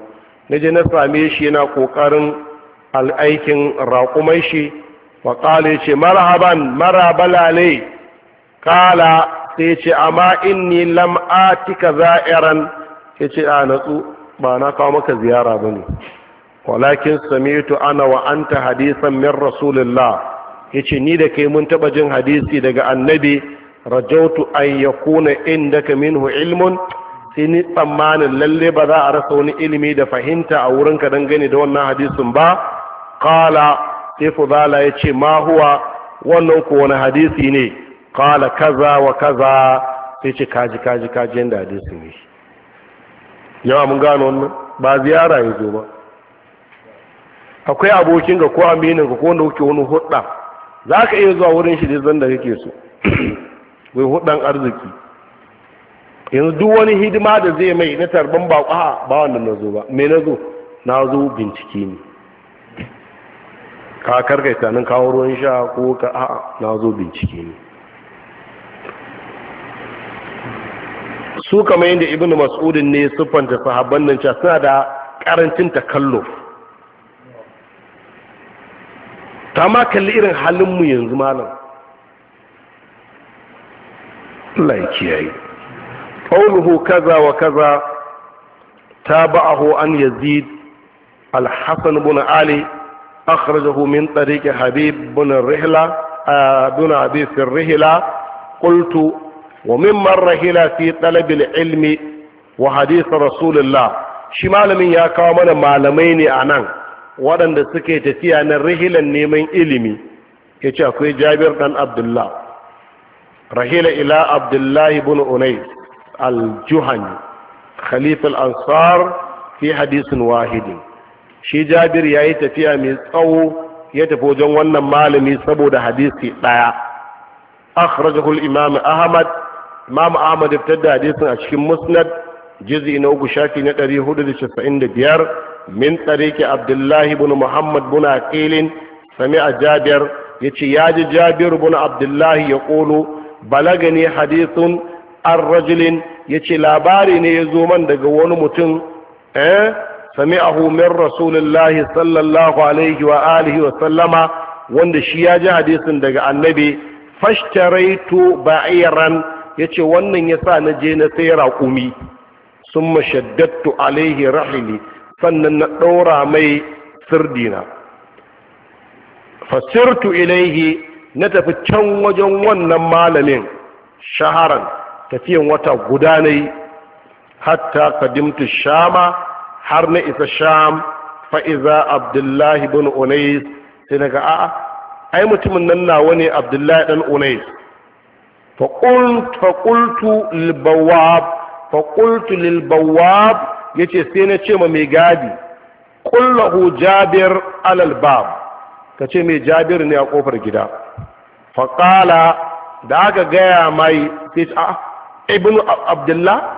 naje na same shi yana kokarin al'aikin raƙumai shi wa qala yace marhaban marabalale kala sai yace amma inni lam atika za'iran yace a natsu ba na kawo maka ziyara bane walakin sami'tu ana wa'anta hadisan min rasulillah yace ni da kai mun taɓa jin hadisi daga annabi rajautu an yakuna ka minhu ilmun sai ni tsammanin lalle ba za a rasa wani ilimi da fahimta a wurinka dangane da wannan hadisin ba kala sai fudala ya ce ma huwa wannan ku wani hadisi ne kala kaza wa kaza sai ce kaji kaji kaji yadda hadisi ne yawa mun gano wannan ba ziyara ya zo ba akwai abokin ga ko aminin ga ko wanda kuke wani hudda za ka iya zuwa wurin shi zan da kake so wai huddan arziki yanzu duk wani hidima da zai mai na tarban baƙwa ba wanda na zo ba mai na zo na zo bincike ne ka karkaita nan kawo ruwan sha ko ka a'a na zo bincike ne su kamar yadda ibn mas'udin ne siffanta sahabban nan cewa suna da karancin takallo ta ma kalli irin halinmu yanzu malam laiki ya yi ƙauluhu kaza wa kaza ta ho an yazid Alhassan hasan ali أخرجه من طريق حبيب بن الرحلة بن عبيس الرحلة قلت وممن رحل في طلب العلم وحديث رسول الله shi malamin ya kawo mana malamai ne a nan waɗanda suke tafiya na rahilan neman ilimi ya ce akwai jabir ɗan abdullah rahila ila abdullahi bin unai al-juhani khalifal ansar fi hadisin wahidin shi jabir ya yi tafiya mai tsawo ya tafi wajen wannan malami saboda hadisi ɗaya akhrajahu al-imam ahmad imam ahmad ya fitar da hadisin a cikin musnad jizi na uku shafi na biyar, min tsare ke abdullahi ibn muhammad aqilin sami sami'a jabir yace ya ji jabir bin abdullahi ya kolo ne hadisin an rajulin ce labari ne ya zo man daga wani mutum eh Sami'a humin rasulillahi sallallahu alaihi wa alihi wa sallama wanda shi ya ji hadisin daga annabi fashtaraitu ba'iran yace wannan yasa na je na sai raƙumi summa shaddattu alaihi rahili sannan na ɗora mai sirdina fasirtu ilaihi na tafi can wajen wannan malamin shaharan tafiyan wata guda ne hatta kadimtu shama har na isa sham fa'iza abdullahi bin unais sai daga a'a ai mutumin nan nawa ne abdullahi ɗan unais faƙultu lilbawab faƙultu lilbawab ya ce sai na ce ma mai gadi ƙullahu jabir alalbab ka ce mai jabir ne a ƙofar gida faƙala da aka gaya mai sai a ibn abdullah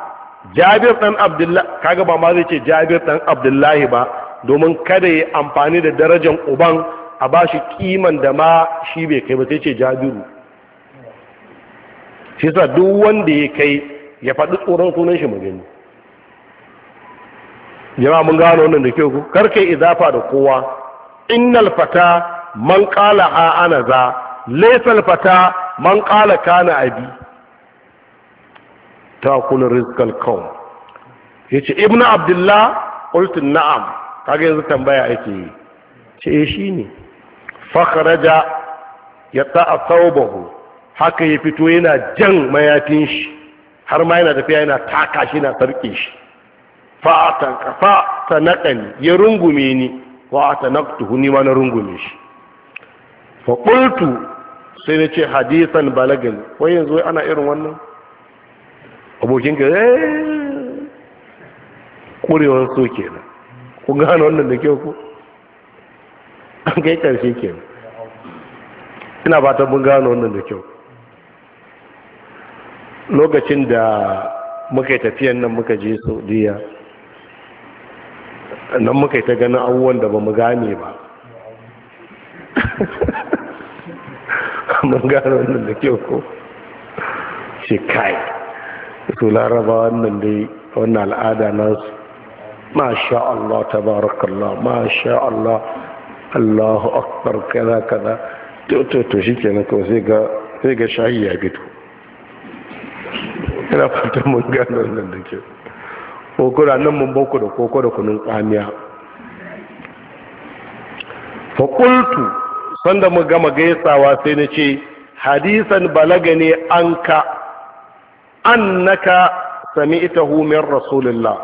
jabir dan abdullahi kaga ba ma zai ce jabir dan abdullahi ba domin kada ya amfani da darajar uban a ba shi kiman da ma shi bai kai ba sai ce jabiru shi sa duk wanda ya kai ya faɗi tsoron sunan shi magani jama'a mun gano wannan da kyau karka izafa da kowa innal fata man qala a ana za laysal fata man qala kana abi ta kula rizkal kaum ya ce ibn abdullah ƙultun na'am kaga yanzu tambaya ake yi ce shi ne fakharaja ya haka ya fito yana jan mayafin shi har ma yana tafiya yana taka shi na sarki shi Fa ta naƙani ya rungume ni wa'ata naqtuhu ni ma na rungume shi fa sai na ce hadisan balagani wai yanzu ana irin wannan abokin ka ƙurewar eh, so kenan ku gane wannan da kyau ku an kai ƙarshe kenan ina ba ta mun gane wannan da kyau lokacin da muka yi tafiyan nan muka je saudiya nan muka yi ta ganin abubuwan da ba mu gane ba mun gane wannan da kyau ko shi kai su laraba wannan dai wannan al'ada nasu masha Allah tabarakallah masha Allah Allahu akbar kaza kaza to to to kenan ko sai ga sai ga shayi ya fito yana fatan mun gano wannan da ke kokura nan mun boko da koko da kunun tsamiya fa qultu sanda mu gama gaisawa sai na ce hadisan balagani anka annaka sami'tahu min rasulillah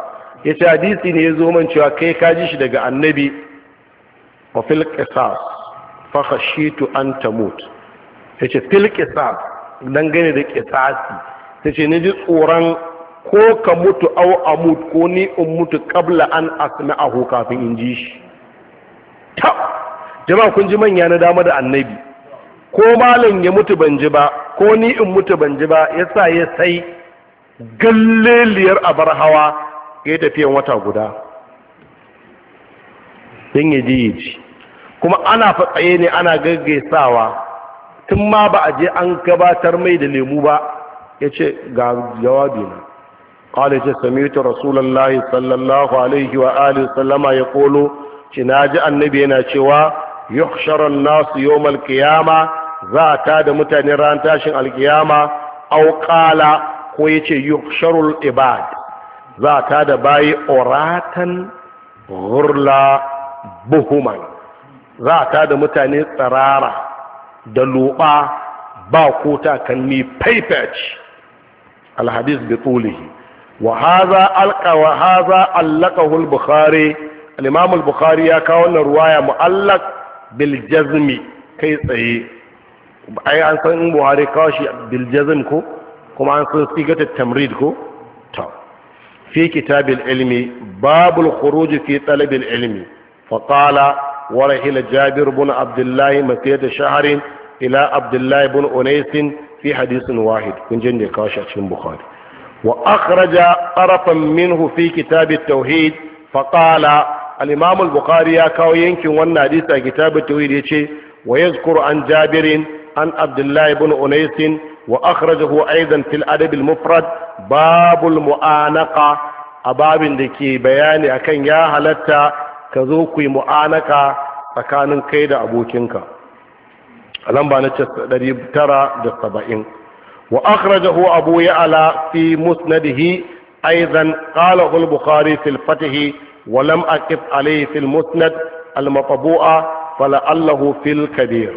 yace hadisi ne yazo man cewa kai ka ji shi daga annabi wa fil qisas fa khashitu an tamut yace fil qisas dangane da qisasi yace ni ji tsoron ko ka mutu au amut ko ni in mutu qabla an asma'ahu kafin in ji shi ta jama'a kun ji manya na dama da annabi ko malam ya mutu ban ji ba ko ni in mutu ban ji ba ya sa ya sai galleliyar abar hawa ya tafiyan wata guda don ya ji ji kuma ana fatsaye ne ana gaggaisawa tun ma ba a je an gabatar mai da lemu ba ya ce ga jawabi na قال سمعت رسول الله صلى الله عليه وآله وسلم يقول شناج النبي ناشوا يحشر الناس يوم القيامة za a tada mutane ran tashin alkiyama au qala ko yace yuhsharul ibad za a tada bayi oratan ghurla buhuman za a tada mutane tsarara da luɓa ba ko takanni faifach alhadis bi wahaza wa hadha alqa bukhari al-imam bukhari ya kawo wannan ruwaya mu'allaq bil jazmi kai tsaye ai an san buhari kawo shi biljazin ko kuma an san sigatar tamrid ko ta fi kitabil ilmi babul kuruji fi talabil ilmi fa qala wa rahila jabir ibn abdullah masiyata shahrin ila Abdullahi ibn unais fi hadisin wahid kun jin da kawo shi a cikin bukhari wa akhraja tarafan minhu fi kitabit tauhid fa qala al-imam al-bukhari ya kawo yankin wannan hadisi a kitabit tauhid yace wa yadhkuru an jabirin عن عبد الله بن أنيس وأخرجه أيضا في الأدب المفرد باب المعانقة أباب ذكي بياني أكن يا هلتا كذوكي معانقة فكان كيد أبوكينك لما نتشد ترى للسبعين وأخرجه أبو يعلى في مسنده أيضا قاله البخاري في الفتح ولم أقف عليه في المسند المطبوعة فلعله في الكبير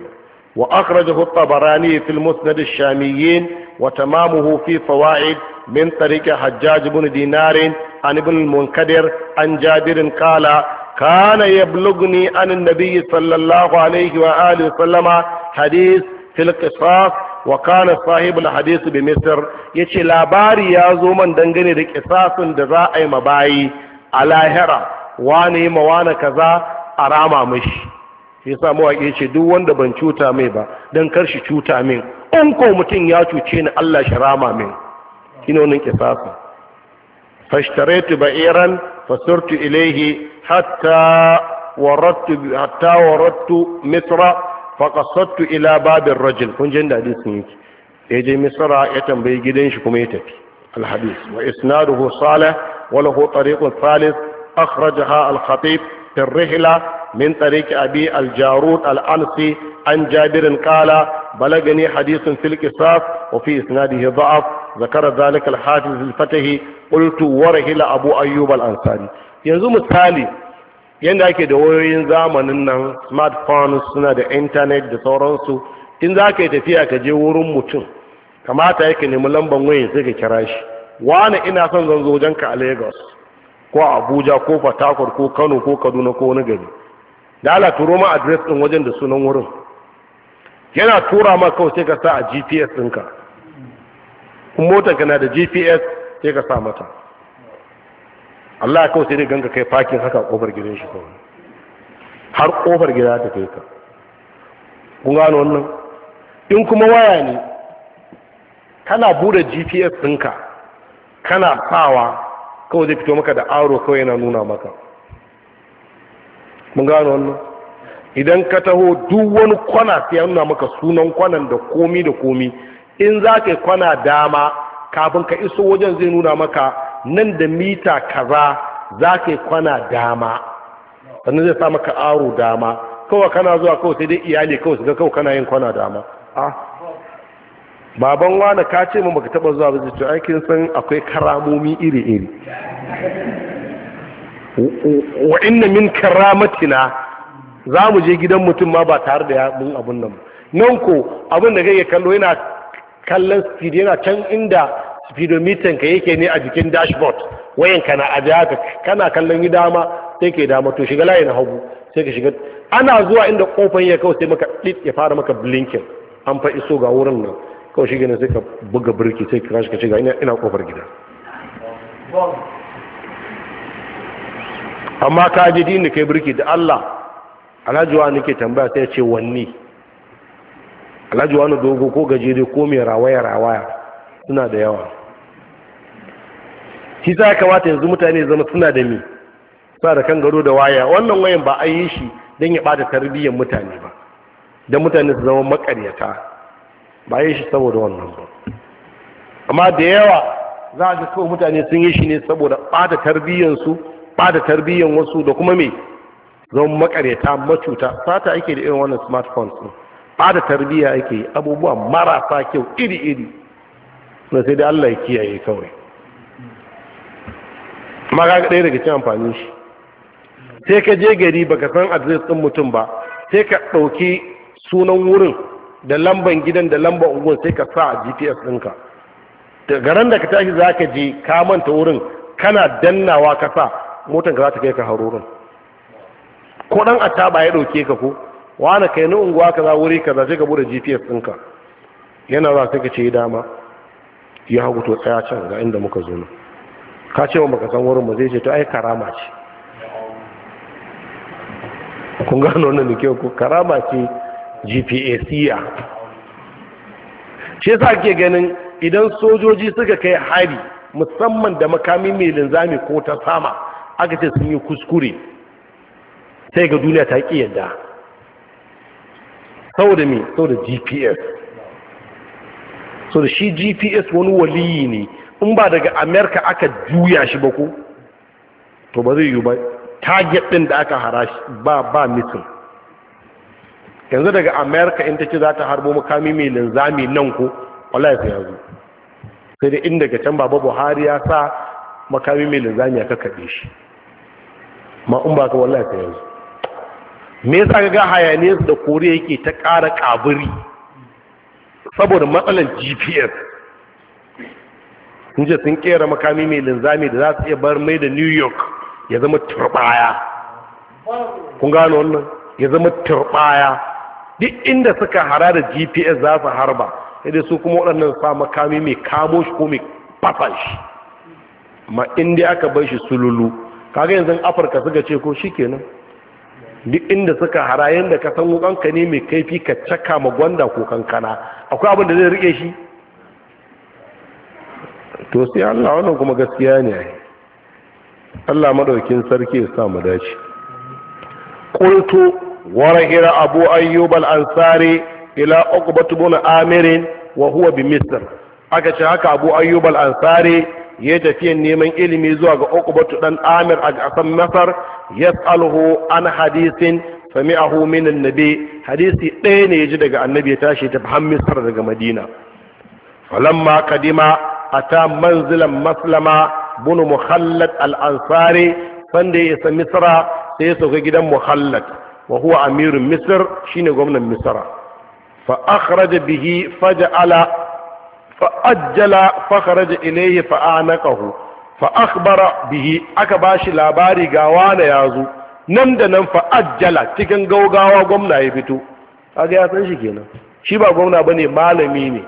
وأخرجه الطبراني في المسند الشاميين وتمامه في فوائد من طريق حجاج بن دينار عن ابن المنكدر عن جابر قال كان يبلغني عن النبي صلى الله عليه وآله وسلم حديث في القصاص وكان صاحب الحديث بمصر يشي لاباري يا زومن دنجني دي قصاص دزاء مباي على هرا واني موانا كذا أراما مشي Yasa sa mawaƙi ce duk wanda ban cuta mai ba don kar shi cuta min in ko mutum ya cuce ni Allah shi rama min shine wannan kisasa fashtaraitu ba'iran fasurtu ilaihi hatta warattu hatta warattu misra faqasattu ila babin rajul kun jin da sun yi ya je misra ya tambayi gidan shi kuma ya tafi alhadis wa isnaduhu salih wa lahu tariqun thalith akhrajaha al-khatib في الرحلة من طريق أبي الجارود الأنسي عن جابر قال بلغني حديث في القصاص وفي إسناده ضعف ذكر ذلك الحافظ الفتح قلت ورحل أبو أيوب الأنصاري yanzu misali yadda ake da wayoyin zamanin nan smartphones suna da intanet da sauransu in za ka yi tafiya ka je wurin mutum kamata yake nemi lambar wayan sai ka kira shi wani ina son zan zo janka a lagos ko abuja ko fatakwar ko kano ko kaduna ko wani gari da ala turo ma adres din wajen da sunan wurin yana tura ma kawai sai ka sa a gps ɗinka kuma motanka na da gps sai ka sa mata allah ya kawai sai dai ganga kai fakin haka kofar gidan shi kawai har kofar gida ta kai ka kun gano wannan in kuma waya ne kana bude gps ɗinka kana sawa kawai zai fito maka da aro kawai yana nuna maka mun gano wannan idan ka taho duk wani kwana sai nuna maka sunan kwanan da komi da komi in za ka yi kwana dama kafin ka iso wajen zai nuna maka nan da mita kaza za ka yi kwana dama sannan zai sa maka aro dama kawai kana zuwa kawai sai dai iyali kawai su ga kawai kana yin kwana dama ah baban wani ka ce mu baka taba zuwa ba zai aikin san akwai karamomi iri-iri wa inna min karamatina za mu je gidan mutum ma ba tare da mun abun nan nan ko abin da kake kallo yana kallon speed yana can inda speedometer ka yake ne a jikin dashboard wayan ka na aje haka kana kallon yi dama sai ke dama to shiga layi na hagu sai ka shiga ana zuwa inda kofan ya kawo sai maka ya fara maka blinking an fa iso ga wurin nan kawai shi gina sai ka buga birki sai ka shi ka ce ga ina kofar gida amma ka ji din da kai birki da Allah alhaji nake ke tambaya sai ce wanne alhaji na dogo ko gajere ko mai rawaya rawaya suna da yawa shi sa ya kamata yanzu mutane zama suna da mi suna da kan gado da waya wannan wayan ba a yi shi don ya bada tarbiyyar mutane ba don mutane su zama makaryata ba yi shi saboda wannan ba amma da yawa za a ji mutane sun yi shi ne saboda bada tarbiyyansu bada tarbiyyan wasu da kuma mai zan makareta macuta sata ake da irin wannan smartphone su bada tarbiyya ake yi abubuwa marasa kyau iri-iri na sai dai allah ya kiyaye kawai amma ga ɗaya daga cin amfanin shi sai ka je gari baka san adres ɗin mutum ba sai ka ɗauki sunan wurin da lamban gidan da lamban ugun sai ka sa a gps ɗinka da ran da ka tashi za ka je ka manta wurin kana dannawa ka sa motar ka za ta kai ka harorin ko dan a ya ɗauke ka ko wani kai na unguwa ka za wuri za sai ka bude gps ɗinka yana za ka ce dama ya hagu to tsaya can ga inda muka zo na ka ce wa baka san wurin ba zai ce to ai karama ce kun gano wannan da kyau ko karama ce gpaciya shi sa ake ganin idan sojoji suka kai hari musamman da makami mai linzami ko ta sama aka ce sun yi kuskure sai ga duniya ta ƙi yadda saboda me saboda gps saboda shi gps wani waliyi ne in ba daga amerika aka juya shi ba ko to ba zai yi ba target ɗin da aka hara ba ba mitin yanzu daga america in ta ce za ta harbo makami mai linzami nan ko wallahi sai yanzu sai da inda ga can baba buhari ya sa makami mai linzami ya kakaɓe shi ma in ba ka wallahi sai yanzu me yasa ga hayaniyar da koriya yake ta ƙara kaburi saboda matsalar gps sun ce sun kera makami mai linzami da za su iya bar mai da new york ya zama turbaya kun gano wannan ya zama turbaya duk inda suka hara da gps za su harba sai su kuma waɗannan sa makami mai kamo shi ko mai fasa shi ma inda aka bai shi sululu kaga yanzu afirka suka ce ko shi kenan duk inda suka hara yadda ka san wukanka ne mai kaifi ka caka ma gwanda ko kankana akwai abin da zai rike shi to sai allah wannan kuma gaskiya ne allah madaukin sarki ya sa mu dace ƙulto ورئر أبو أيوب الأنصاري إلى عقبة بن عامر وهو بمصر aka ce haka abu ayyub al-ansari ya tafiyan neman ilimi zuwa ga uqbatu dan amir a ƙasar masar yas'aluhu an hadisin sami'ahu min annabi hadisi ɗaya ne yaji daga annabi ya tashi ta misar daga madina falamma kadima ata manzilan maslama bunu muhallad al-ansari sanda ya isa misra sai ya sauka gidan muhallad wa huwa amirun misr shine gwamnan misra fa akhraja bihi faj'ala fa ajjala fa kharaja ilayhi fa anaqahu fa akhbara bihi aka ba shi labari ga wani yazo nan da nan fa ajjala cikin gaugawa gwamna ya fito kaga ya san shi kenan shi ba gwamna ba ne malami ne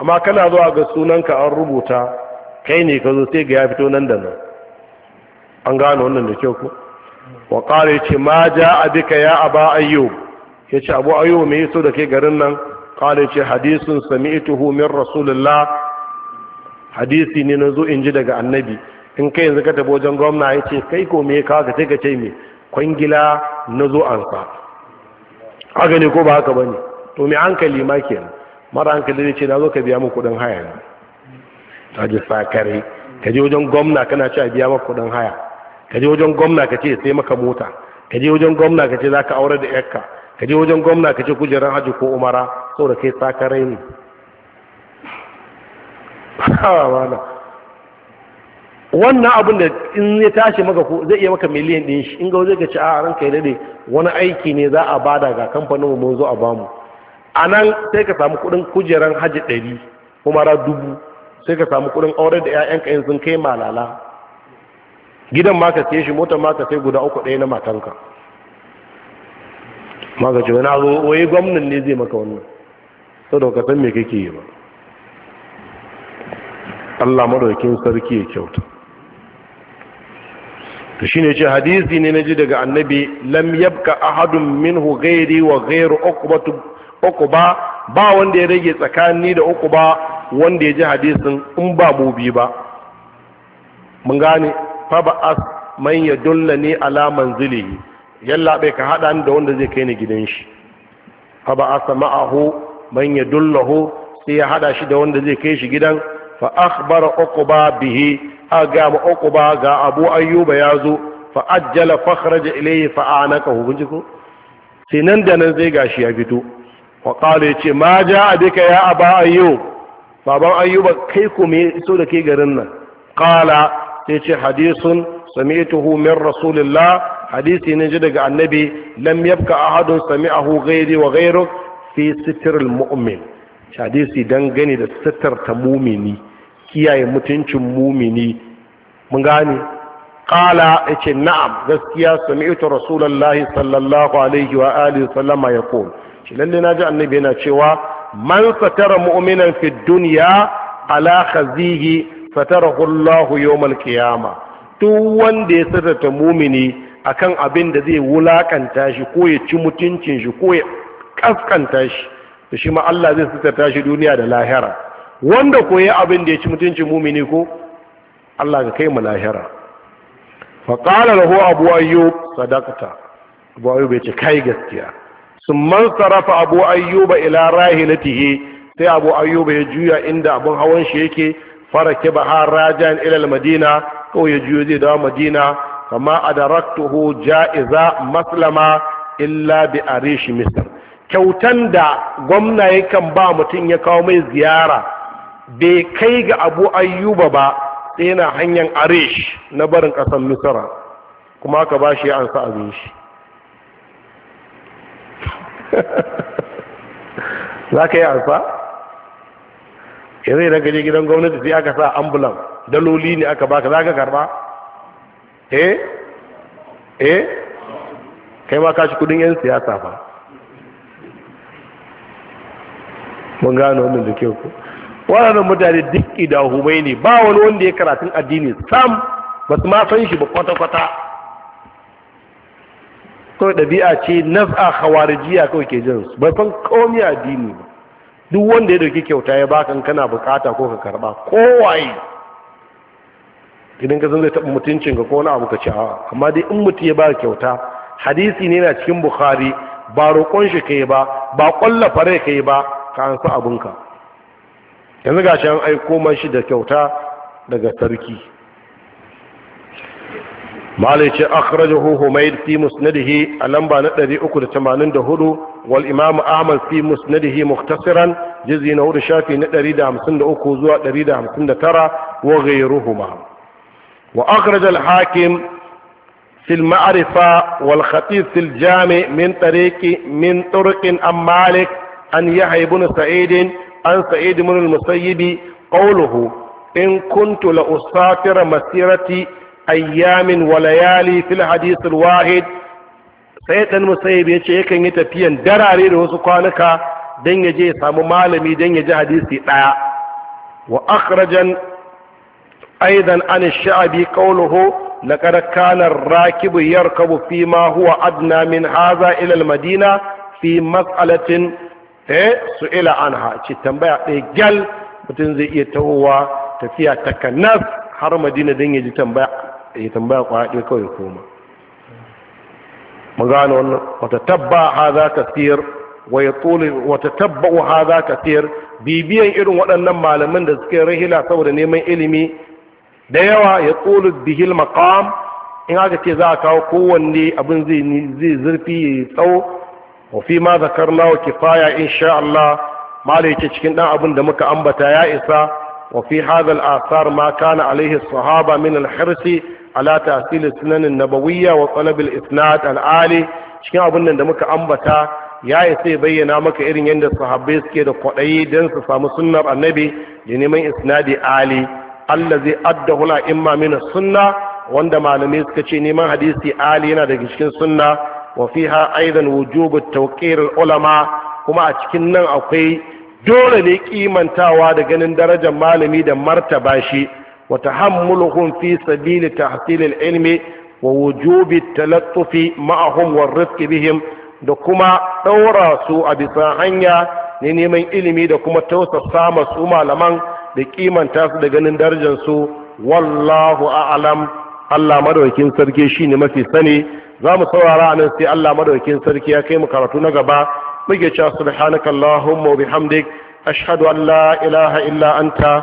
amma kana zuwa ga sunanka an rubuta kai ne ka zo sai ga ya fito nan da nan an gane wannan da kyau wa qala ce ma jaa bika ya aba ayyub ce abu ayyub me yaso da ke garin nan qala ce hadisun ituhu min rasulillah hadisi ne nazo in ji daga annabi in kai yanzu ka tabo wajen gwamna ce kai ko kawo ka ce ka ce me kwangila nazo an sa aga ne ko ba haka bane to me hankali ma ke mara hankali ne ce zo ka biya mu kudin haya ne ta ji sakare ka je wajen gwamna kana ci a biya maka kudin haya ka je wajen gwamna ka ce sai maka mota ka je wajen gwamna ka ce za ka aure da yakka ka je wajen gwamna ka ce kujerar hajji ko umara saboda kai sakarai ne wannan abin da in ya tashi maka ko zai iya maka miliyan ɗin shi in ga zai ka ci a ranka kai dade wani aiki ne za a bada ga kamfanin mu zo a bamu a nan sai ka samu kuɗin kujerar hajji ɗari umara dubu sai ka samu kuɗin aure da ƴaƴanka in sun kai malala gidan ma ka shi motar ma ka sai guda uku ɗaya na matanka ma ka ce wani abu waye gwamnan ne zai maka wannan saboda ka san me kake yi ba Allah madaukin sarki ya kyauta to shine ce hadisi ne naji daga annabi lam yabka ahadun minhu ghairi wa ghairu uqbatu uqba ba wanda ya rage tsakani da uqba wanda ya ji hadisin in ba bobi ba mun gane faba'as man yadullani ala manzilihi yalla bai ka hada ni da wanda zai kai ni gidan shi faba'asa ma'ahu man yadullahu sai ya hada shi da wanda zai kai shi gidan fa akhbara uqba bihi aga ma uqba ga abu ayyuba yazo fa ajjala kharaja ilayhi fa anakahu kunji ko sai nan da nan zai gashi ya fito wa qala yace ma ja'a bika ya aba ayyub baban ayyuba kai ku me so da kai garin nan qala sai ce hadisun sami'tuhu min rasulillah hadisi ne ji daga annabi lam yabka ahadun sami'ahu ghairi wa ghayruk fi sitril mu'min hadisi dangane da sitar ta mumini kiyaye mutuncin mumini mun gane qala ce na'am gaskiya sami'tu rasulullahi sallallahu alaihi wa alihi sallama yaqul shi lalle na ji annabi yana cewa man satara mu'minan fi dunya ala khazihi fatarahu Allah yawmal qiyama duk wanda ya sirrata mumini akan abin da zai wulakanta shi ko ya ci mutuncin shi ko ya kaskanta shi to shi ma Allah zai sirrata shi duniya da lahira wanda ko ya abin da ya ci mutuncin mumini ko Allah ka kai mu lahira fa qala lahu abu ayyub sadaqta abu ayyub ya ce kai gaskiya sun man sarrafa abu ayyuba ila rahilatihi sai abu ayyuba ya juya inda abun hawan shi yake farake ba har rajan ilal madina kawai ya juyo zai dawo madina kama adaraktuhu ja'iza maslama illa bi arishi misr kyautan da gwamna yakan ba mutum ya kawo mai ziyara bai kai ga abu ayyuba ba sai na hanyar arish na barin ƙasar misra kuma aka ba shi ya ansa abin shi za ka yi ansa? ya zai daga gidan gwamnati sai aka sa ambulan daloli ne aka baka za ka karba eh eh kai ma kashi kudin yan siyasa ba mun gano wannan da kyau ku waɗannan mutane duk idahumai ne ba wani wanda ya karatun addini sam ba su ma san shi ba kwata-kwata kawai ɗabi'a ce nasa jiya kawai ke jinsu ba san komi addini ba duk wanda ya dauki kyauta ya baka kana bukata ko ka karba kowaye idan ka san zai taɓa mutuncin ka ko wani abu ka ci awa amma dai in mutu ya ba kyauta hadisi ne na cikin bukhari ba roƙon shi ka yi ba ba ƙwalla fare yi ba ka an sa abinka yanzu ga shi an aiko mashi da kyauta daga sarki malai ce akhrajahu na fi musnadihi a lamba na 384 والإمام أعمل في مسنده مختصرا جزي نور شافي نتريد سند أكو زوى تريد سند ترى وغيرهما وأخرج الحاكم في المعرفة والخطيب في الجامع من طريق من طرق أم مالك أن يحيى بن سعيد أن سعيد بن المسيب قوله إن كنت لأسافر مسيرتي أيام وليالي في الحديث الواحد sai dan musayib yace yakan yi tafiyan darare da wasu kwanuka dan ya je ya samu malami dan ya ji hadisi daya wa akhrajan aidan an ash-sha'bi qawluhu laqad kana ar-rakibu yarkabu fi ma huwa adna min hadha ila al-madina fi mas'alatin eh su'ila anha ci tambaya dai gal mutun zai iya tawowa tafiya ta kanas har madina dan ya ji tambaya ya tambaya kwa dai kawai koma mun gane wannan wata tabba hadha wa yatul wa tatabbu haza kathir bibiyan irin waɗannan malaman da suke rahila saboda neman ilimi da yawa ya tsoli bihil maqam in aka ce za a kawo kowanne abin zai zurfi ya tsawo wa fi ma na wa kifaya insha Allah mala yake cikin ɗan abin da muka ambata ya isa wa fi hadha asar ma kana alaihi sahaba min al ala tahsil sunanin nabawiyya wa talab isnad al-ali cikin abin da muka ambata ya yi sai bayyana maka irin yadda sahabbai suke da kwaɗayi don su samu sunnar annabi da neman isnadi ali allah zai adda hula imma mina sunna wanda malamai suka ce neman hadisi ali yana daga cikin sunna wa fiha aidan wujubu tawqir ulama kuma a cikin nan akwai dole ne kimantawa da ganin darajar malami da martaba shi wa tahammuluhum fi sabili tahsil al-ilmi wa wujubi talattufi ma'ahum wa rifqi bihim da kuma ɗaurasu a bisa hanya ne neman ilimi da kuma tausasa masu malaman da kimanta su da ganin darajar su wallahu a'lam Allah madaukakin sarki shine mafi sani za mu saurara nan sai Allah madaukakin sarki ya kai mu karatu na gaba muke cewa subhanakallahumma wa bihamdik ashhadu an ilaha illa anta